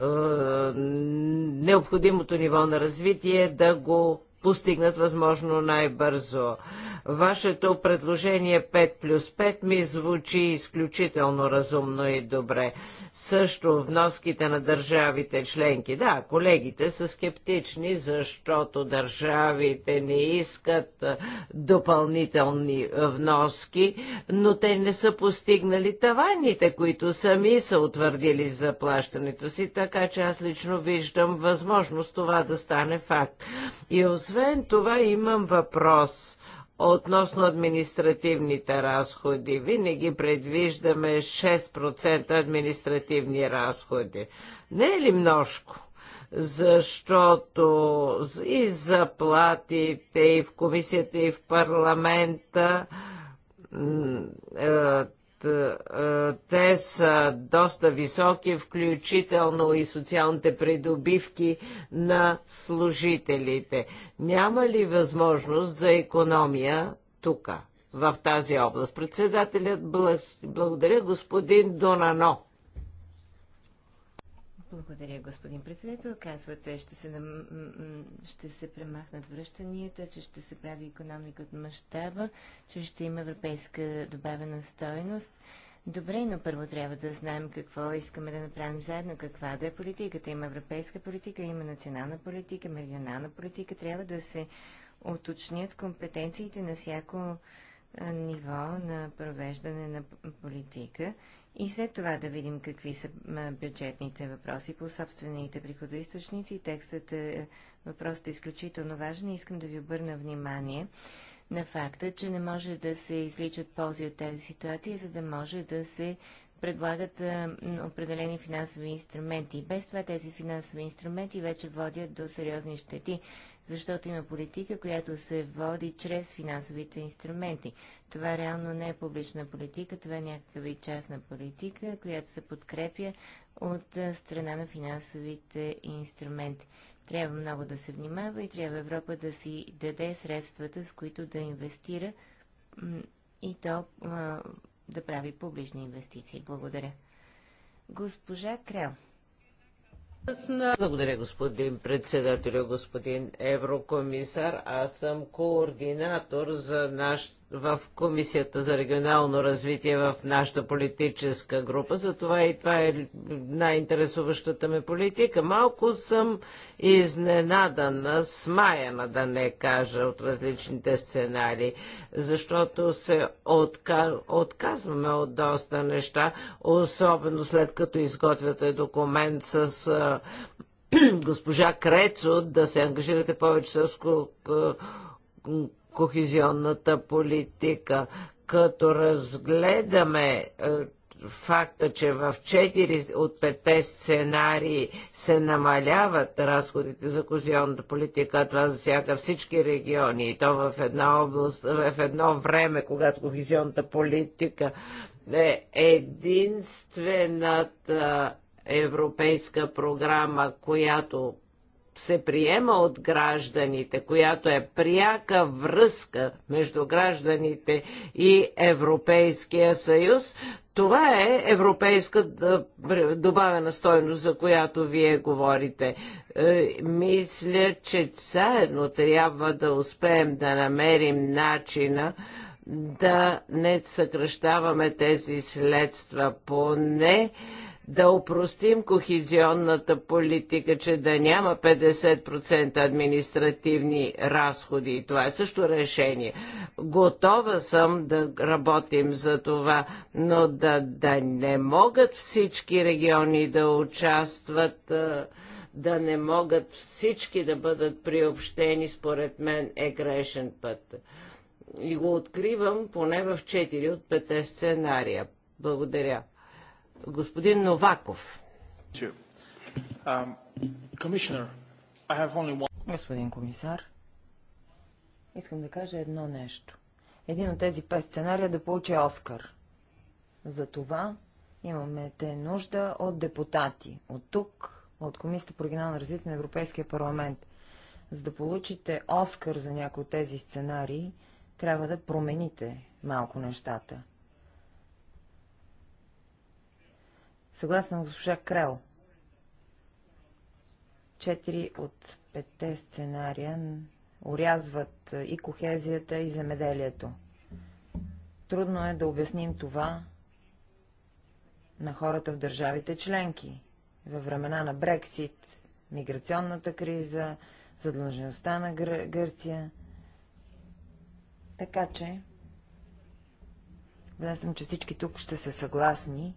а, необходимото ниво на развитие, да го постигнат възможно най-бързо. Вашето предложение 5 плюс 5 ми звучи изключително разумно и добре. Също вноските на държавите членки. Да, колегите са скептични, защото държавите не искат допълнителни вноски, но те не са постигнали таваните, които сами са утвърдили за плащането си, така че аз лично виждам възможност това да стане факт. И освен това имам въпрос относно административните разходи. Винаги предвиждаме 6% административни разходи. Не е ли множко? Защото и заплатите, и в комисията, и в парламента е, е, те са доста високи, включително и социалните придобивки на служителите. Няма ли възможност за економия тук, в тази област? Председателят благодаря господин Донано. Благодаря, господин председател. Казвате, ще се, нам... ще се премахнат връщанията, че ще се прави економика от мащаба, че ще има европейска добавена стойност. Добре, но първо трябва да знаем какво искаме да направим заедно, каква да е политиката. Има европейска политика, има национална политика, има регионална политика. Трябва да се уточнят компетенциите на всяко ниво на провеждане на политика и след това да видим какви са бюджетните въпроси по собствените приходоисточници. Текстът е, е, въпросът е изключително важен и искам да ви обърна внимание на факта, че не може да се изличат ползи от тази ситуация, за да може да се предлагат а, е, определени финансови инструменти. Без това тези финансови инструменти вече водят до сериозни щети защото има политика, която се води чрез финансовите инструменти. Това реално не е публична политика, това е някаква и частна политика, която се подкрепя от страна на финансовите инструменти. Трябва много да се внимава и трябва Европа да си даде средствата, с които да инвестира и то да прави публични инвестиции. Благодаря. Госпожа Крел. Благодаря, господин председател, господин еврокомисар. Аз съм координатор за нашата в Комисията за регионално развитие в нашата политическа група. Затова и това е най-интересуващата ме политика. Малко съм изненадана, смаяна да не кажа от различните сценари, защото се отка... отказваме от доста неща, особено след като изготвяте документ с госпожа Крецо да се ангажирате повече с кохезионната политика. Като разгледаме е, факта, че в 4 от 5 сценарии се намаляват разходите за козионната политика, това засяга всички региони и то в една област, в едно време, когато козионната политика е единствената европейска програма, която се приема от гражданите, която е пряка връзка между гражданите и Европейския съюз, това е европейска добавена стойност, за която вие говорите. Е, мисля, че заедно трябва да успеем да намерим начина да не съкръщаваме тези следства, поне да упростим кохезионната политика, че да няма 50% административни разходи. И това е също решение. Готова съм да работим за това, но да, да не могат всички региони да участват да не могат всички да бъдат приобщени, според мен е грешен път. И го откривам поне в 4 от 5 сценария. Благодаря господин Новаков. Um, господин комисар, искам да кажа едно нещо. Един от тези пет сценария е да получи Оскар. За това имаме те нужда от депутати. От тук, от Комисията по регионална развитие на Европейския парламент. За да получите Оскар за някои от тези сценарии, трябва да промените малко нещата. Съгласна госпожа Крел. Четири от петте сценария урязват и кохезията, и земеделието. Трудно е да обясним това на хората в държавите членки. Във времена на Брексит, миграционната криза, задължеността на Гър... Гърция. Така че, убеден съм, че всички тук ще са съгласни,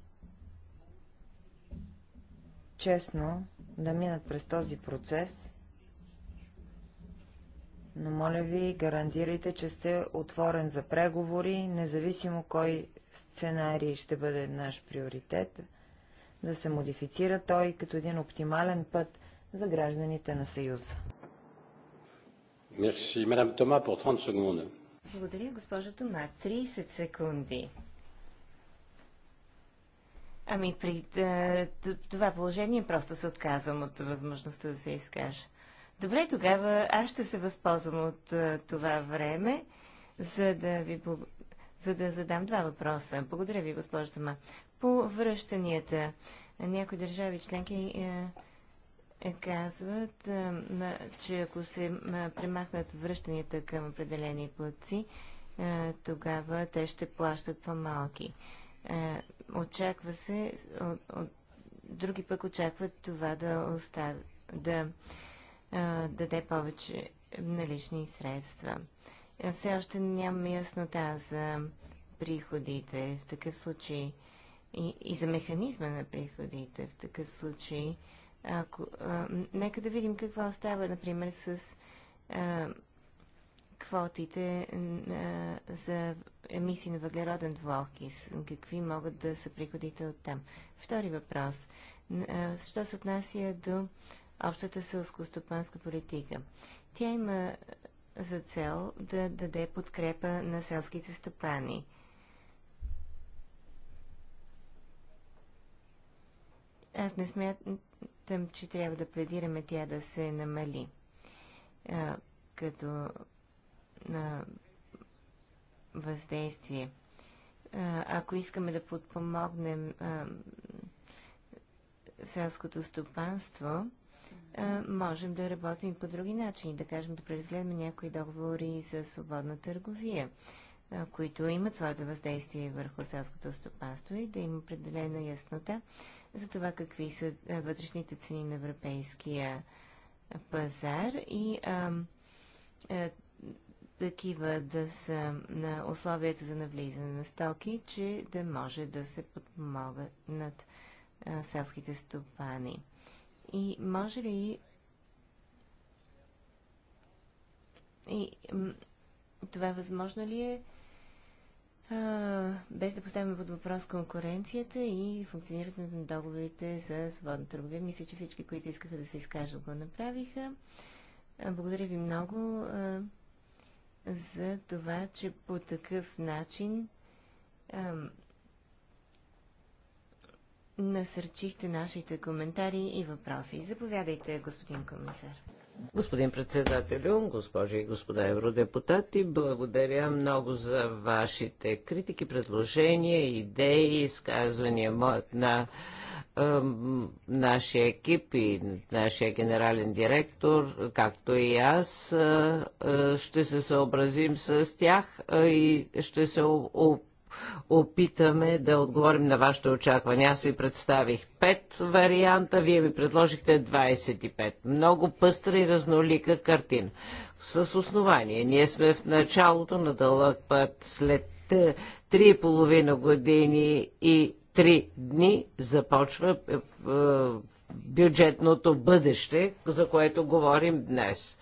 честно да минат през този процес, но моля ви, гарантирайте, че сте отворен за преговори, независимо кой сценарий ще бъде наш приоритет, да се модифицира той като един оптимален път за гражданите на Съюза. Merci, Тома, Благодаря, госпожа Тома. 30 секунди. Ами при е, това положение просто се отказвам от възможността да се изкажа. Добре, тогава аз ще се възползвам от е, това време, за да ви за да задам два въпроса. Благодаря ви, госпожо Тома. По връщанията, някои държави членки е, е, казват, е, че ако се премахнат връщанията към определени платци, е, тогава те ще плащат по-малки. Е, очаква се, от, от, други пък очакват това да, остави, да е, даде повече налични средства. Е, все още нямаме яснота за приходите в такъв случай и, и за механизма на приходите в такъв случай. Ако, а, нека да видим какво става, например, с а, квотите а, за емисии на въглероден двуокис? Какви могат да са приходите от там? Втори въпрос. Що се отнася до общата селско-стопанска политика? Тя има за цел да даде подкрепа на селските стопани. Аз не смятам, че трябва да пледираме тя да се намали. като на въздействие. Ако искаме да подпомогнем селското стопанство, можем да работим по други начини. Да кажем, да преразгледаме някои договори за свободна търговия, които имат своето въздействие върху селското стопанство и да има определена яснота за това какви са вътрешните цени на европейския пазар и а, такива да са на условията за навлизане на стоки, че да може да се подпомогат над селските стопани. И може ли и това възможно ли е а, без да поставяме под въпрос конкуренцията и функционирането на договорите за свободна търговия? Мисля, че всички, които искаха да се изкажат, го направиха. А, благодаря ви много. А, за това, че по такъв начин ам, насърчихте нашите коментари и въпроси. Заповядайте, господин комисар. Господин председателю, госпожи и господа евродепутати, благодаря много за вашите критики, предложения, идеи, изказвания на нашия екип и нашия генерален директор, както и аз, ще се съобразим с тях и ще се опитаме да отговорим на вашето очакване. Аз ви представих пет варианта, вие ми предложихте 25. Много пъстра и разнолика картина. С основание. Ние сме в началото на дълъг път след 3,5 е, години и три дни започва е, е, бюджетното бъдеще, за което говорим днес.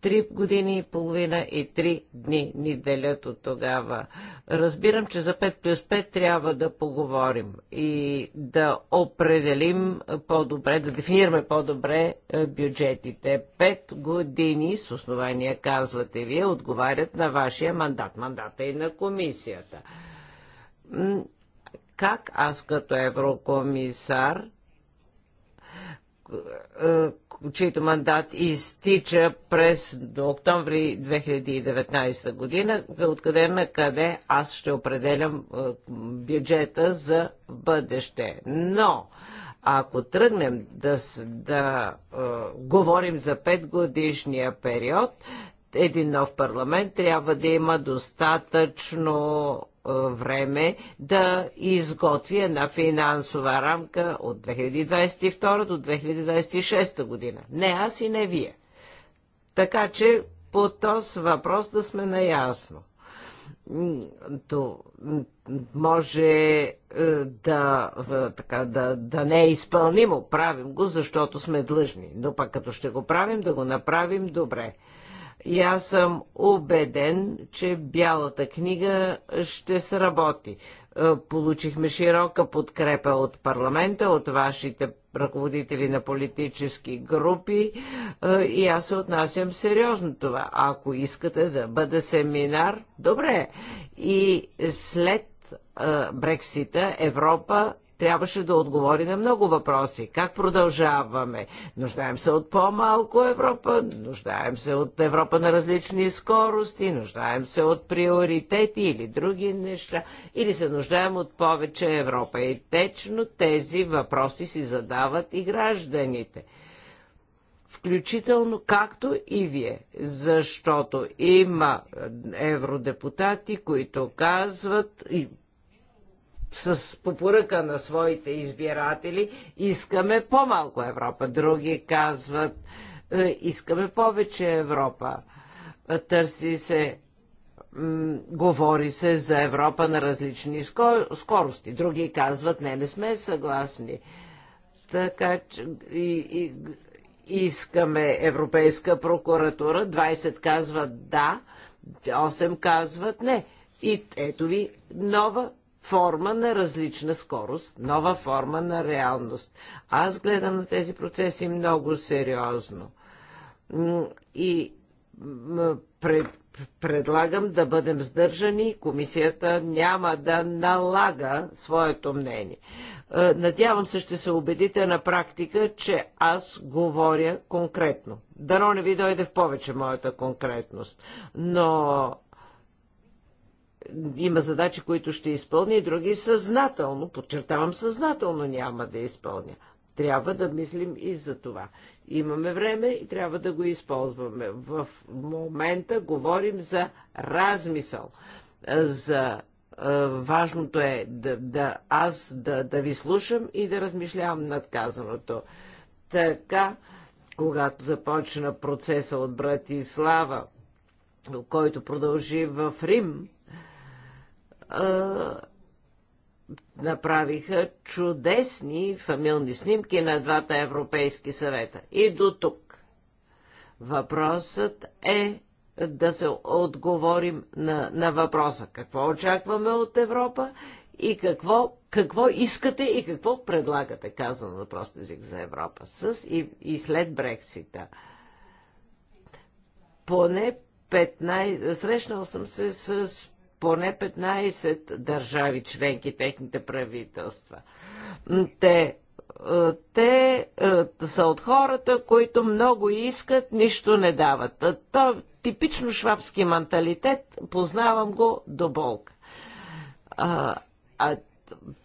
Три години и половина и три дни ни делят от тогава. Разбирам, че за 5 плюс 5 трябва да поговорим и да определим по-добре, да дефинираме по-добре е, бюджетите. Пет години, с основания казвате вие, отговарят на вашия мандат. Мандата и на комисията как аз като еврокомисар, е, чийто мандат изтича през октомври 2019 година, откъде на къде аз ще определям е, бюджета за бъдеще. Но ако тръгнем да, да е, говорим за 5 годишния период, един нов парламент трябва да има достатъчно е, време да изготви една финансова рамка от 2022 до 2026 година. Не аз и не вие. Така че по този въпрос да сме наясно. То може е, да, е, така, да, да не е изпълнимо. Правим го, защото сме длъжни. Но пък като ще го правим, да го направим добре. И аз съм убеден, че Бялата книга ще сработи. Е, получихме широка подкрепа от парламента, от вашите ръководители на политически групи е, и аз се отнасям сериозно това. Ако искате да бъде семинар, добре. И след е, Брексита Европа трябваше да отговори на много въпроси. Как продължаваме? Нуждаем се от по-малко Европа, нуждаем се от Европа на различни скорости, нуждаем се от приоритети или други неща, или се нуждаем от повече Европа. И течно тези въпроси си задават и гражданите включително както и вие, защото има евродепутати, които казват и с попоръка на своите избиратели, искаме по-малко Европа. Други казват, е, искаме повече Европа. Е, търси се, говори се за Европа на различни скорости. Други казват, не, не сме съгласни. Така че и, и, искаме Европейска прокуратура, 20 казват да, 8 казват не. И ето ви нова форма на различна скорост, нова форма на реалност. Аз гледам на тези процеси много сериозно. И пред, предлагам да бъдем сдържани. Комисията няма да налага своето мнение. Е, надявам се, ще се убедите на практика, че аз говоря конкретно. Дано не ви дойде в повече моята конкретност. Но има задачи, които ще изпълня и други съзнателно, подчертавам съзнателно няма да изпълня. Трябва да мислим и за това. Имаме време и трябва да го използваме. В момента говорим за размисъл, за е, важното е да, да аз да, да ви слушам и да размишлявам над казаното. Така, когато започна процеса от Братислава, който продължи в Рим, направиха чудесни фамилни снимки на двата европейски съвета. И до тук. Въпросът е да се отговорим на, на въпроса какво очакваме от Европа и какво, какво искате и какво предлагате, казвам на прост език за Европа, с и, и след Брексита. Поне 15... Срещнал съм се с поне 15 държави членки, техните правителства. Те е, те е, са от хората, които много искат, нищо не дават. Е, то типично швабски менталитет, познавам го до болка. А, а,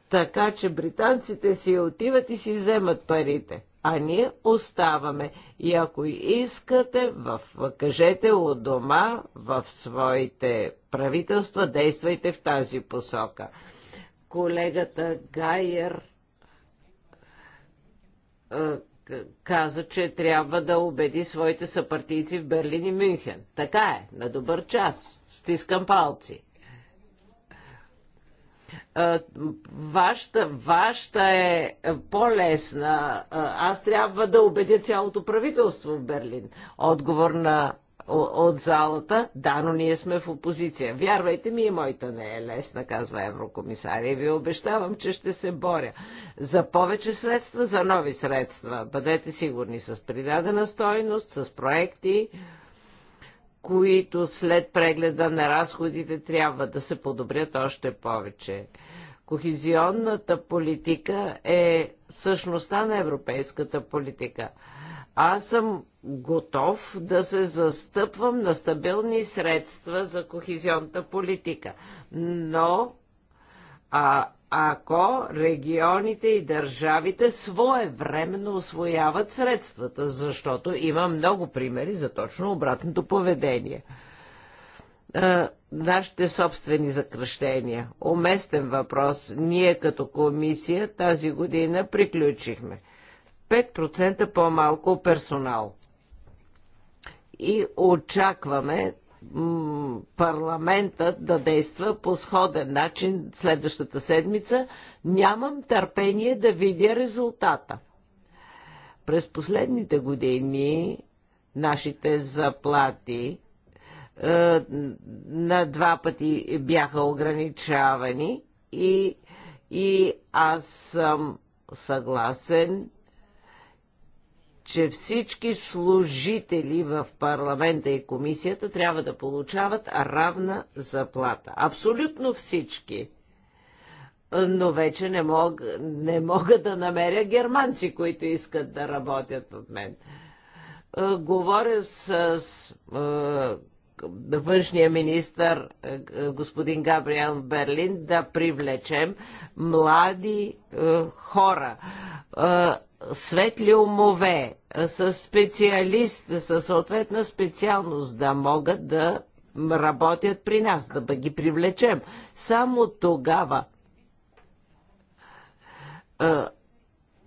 така че британците си отиват и си вземат парите а ние оставаме. И ако искате, в, кажете от дома, в своите правителства, действайте в тази посока. Колегата Гайер каза, че трябва да убеди своите съпартийци в Берлин и Мюнхен. Така е, на добър час. Стискам палци вашата, вашата е по-лесна. Аз трябва да убедя цялото правителство в Берлин. Отговор на от залата, да, но ние сме в опозиция. Вярвайте ми, и моята не е лесна, казва еврокомисаря. И ви обещавам, че ще се боря за повече средства, за нови средства. Бъдете сигурни с придадена стойност, с проекти които след прегледа на разходите трябва да се подобрят още повече. Кохизионната политика е същността на европейската политика. Аз съм готов да се застъпвам на стабилни средства за кохизионната политика, но а, ако регионите и държавите своевременно освояват средствата, защото има много примери за точно обратното поведение. нашите собствени закръщения. Уместен въпрос. Ние като комисия тази година приключихме. 5% по-малко персонал. И очакваме парламентът да действа по сходен начин следващата седмица. Нямам търпение да видя резултата. През последните години нашите заплати е, на два пъти бяха ограничавани и, и аз съм съгласен, че всички служители в парламента и комисията трябва да получават равна заплата. Абсолютно всички. Но вече не мога, не мога да намеря германци, които искат да работят от мен. Е, говоря с, с е, външния министр е, господин Габриел Берлин да привлечем млади хора светли умове, с специалист, със съответна специалност да могат да работят при нас, да ги привлечем. Само тогава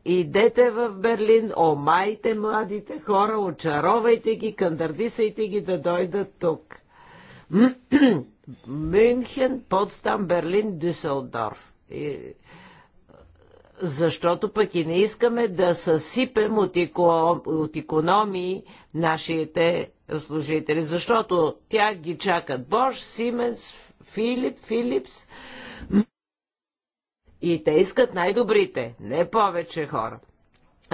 идете в Берлин, омайте младите хора, очаровайте ги, кандардисайте ги да дойдат тук. Мюнхен, Потсдам, Берлин, Дюселдорф защото пък и не искаме да съсипем от, еко, от економии нашите служители, защото тя ги чакат Бош, Сименс, Филип, Филипс и те искат най-добрите, не повече хора,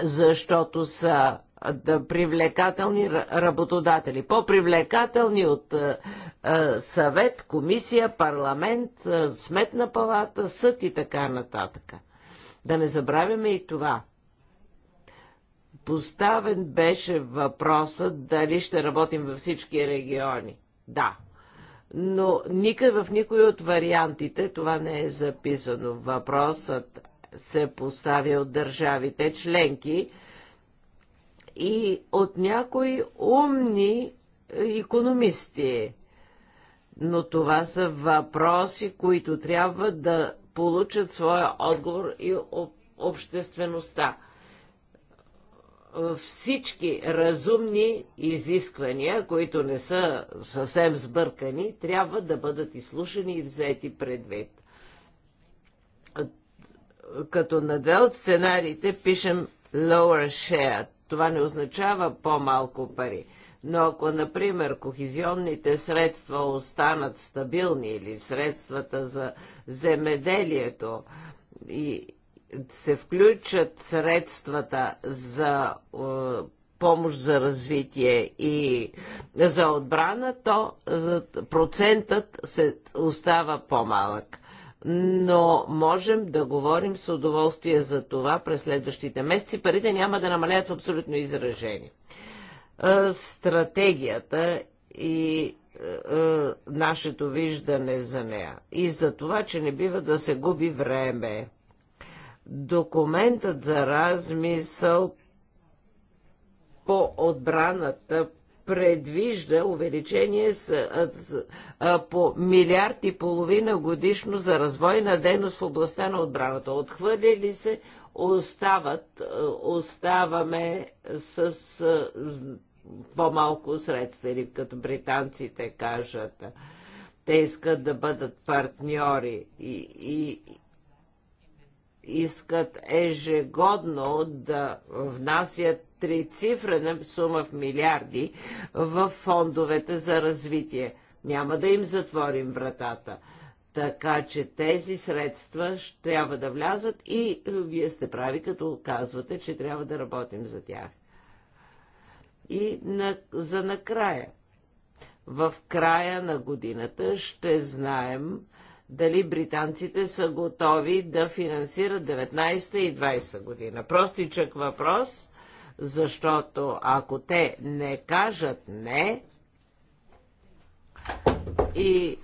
защото са да, привлекателни работодатели. По-привлекателни от а, а, съвет, комисия, парламент, а, сметна палата, съд и така нататък. Да не забравяме и това. Поставен беше въпросът дали ще работим във всички региони. Да. Но никъде в никой от вариантите това не е записано. Въпросът се поставя от държавите членки и от някои умни економисти. Но това са въпроси, които трябва да получат своя отговор и обществеността. Всички разумни изисквания, които не са съвсем сбъркани, трябва да бъдат изслушани и взети предвид. Като на две от сценариите пишем lower share. Това не означава по-малко пари. Но ако, например, кохизионните средства останат стабилни или средствата за земеделието и се включат средствата за е, помощ за развитие и за отбрана, то е, процентът се остава по-малък. Но можем да говорим с удоволствие за това през следващите месеци. Парите няма да намалят в абсолютно изражение стратегията и нашето виждане за нея и за това, че не бива да се губи време. Документът за размисъл по отбраната предвижда увеличение с, с, а, по милиард и половина годишно за развойна дейност в областта на отбраната. Отхвърлили се, остават, оставаме с, с по-малко средства или като британците кажат. Те искат да бъдат партньори и, и искат ежегодно да внасят трицифрена сума в милиарди в фондовете за развитие. Няма да им затворим вратата. Така че тези средства трябва да влязат и вие сте прави, като казвате, че трябва да работим за тях. И на, за накрая, в края на годината ще знаем дали британците са готови да финансират 19 и 20 година. Простичък въпрос, защото ако те не кажат не и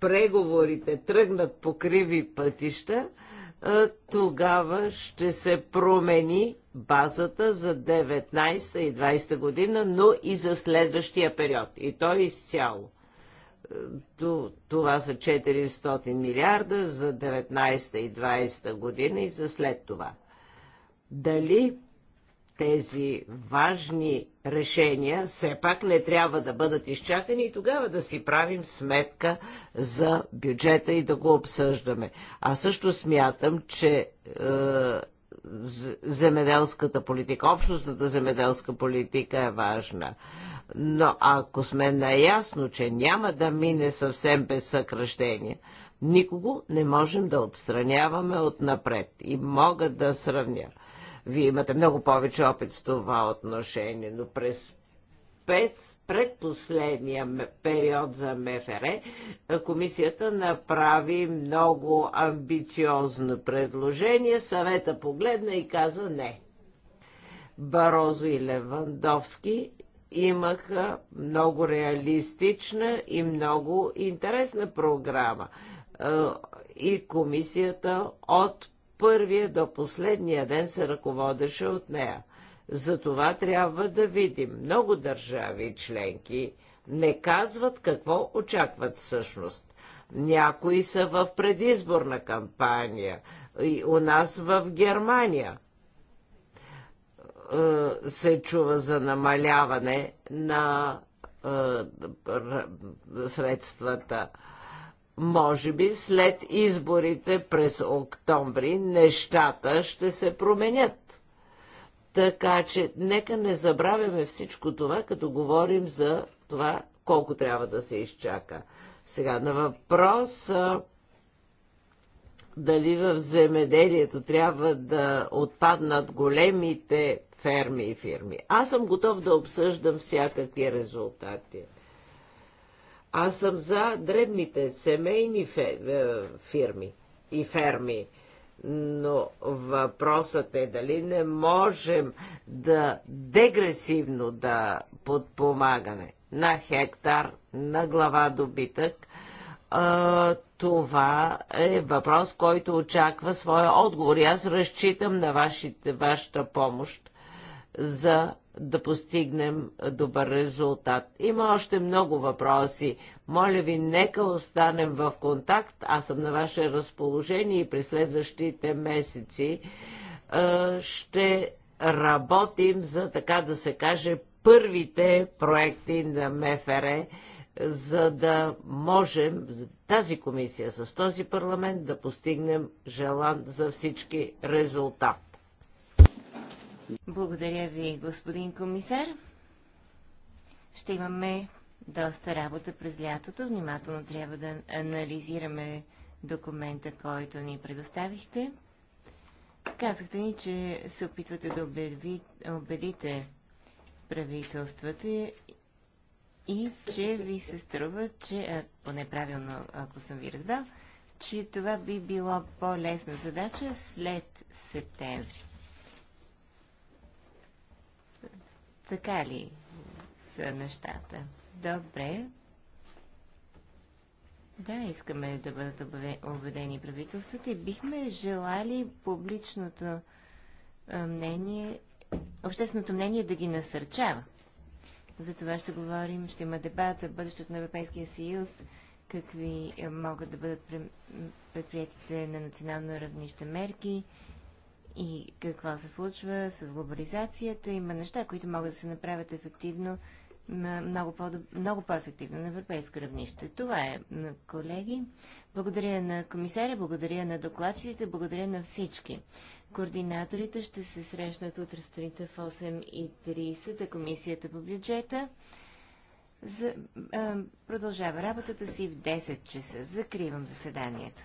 преговорите тръгнат по криви пътища, тогава ще се промени базата за 19 и 20 година, но и за следващия период. И то изцяло. Това са 400 милиарда за 19 и 20 година и за след това. Дали тези важни решения все пак не трябва да бъдат изчакани и тогава да си правим сметка за бюджета и да го обсъждаме. А също смятам, че е, земеделската политика, общностната земеделска политика е важна. Но ако сме наясно, че няма да мине съвсем без съкръщение, никого не можем да отстраняваме от напред. И мога да сравня вие имате много повече опит в това отношение, но през предпоследния период за МФР, е, комисията направи много амбициозно предложение, съвета погледна и каза не. Барозо и Левандовски имаха много реалистична и много интересна програма. Е, и комисията от първия до последния ден се ръководеше от нея. За това трябва да видим. Много държави и членки не казват какво очакват всъщност. Някои са в предизборна кампания, и у нас в Германия е, се чува за намаляване на е, средствата може би след изборите през октомври нещата ще се променят. Така че нека не забравяме всичко това, като говорим за това колко трябва да се изчака. Сега на въпрос дали в земеделието трябва да отпаднат големите ферми и фирми. Аз съм готов да обсъждам всякакви резултати. Аз съм за дребните семейни е, фирми и ферми но въпросът е дали не можем да дегресивно да подпомагаме на хектар, на глава добитък. А, това е въпрос, който очаква своя отговор. И аз разчитам на вашите, вашата помощ за да постигнем добър резултат. Има още много въпроси. Моля ви, нека останем в контакт. Аз съм на ваше разположение и през следващите месеци е, ще работим за, така да се каже, първите проекти на МФР, за да можем тази комисия с този парламент да постигнем желан за всички резултат. Благодаря ви, господин комисар. Ще имаме доста работа през лятото. Внимателно трябва да анализираме документа, който ни предоставихте. Казахте ни, че се опитвате да убедите правителствата и че ви се струва, че, поне правилно, ако съм ви разбрал, че това би било по-лесна задача след септември. Така ли са нещата? Добре. Да, искаме да бъдат убедени правителството, и бихме желали публичното мнение, общественото мнение да ги насърчава. За това ще говорим, ще има дебат за бъдещето на Европейския съюз, какви могат да бъдат предприятите на национално равнище мерки, и какво се случва с глобализацията. Има неща, които могат да се направят ефективно, много, по- много по-ефективно на европейско равнище. Това е, колеги. Благодаря на комисаря, благодаря на докладчиците, благодаря на всички. Координаторите ще се срещнат утре сутринта в 8.30, комисията по бюджета. За, а, продължава работата си в 10 часа. Закривам заседанието.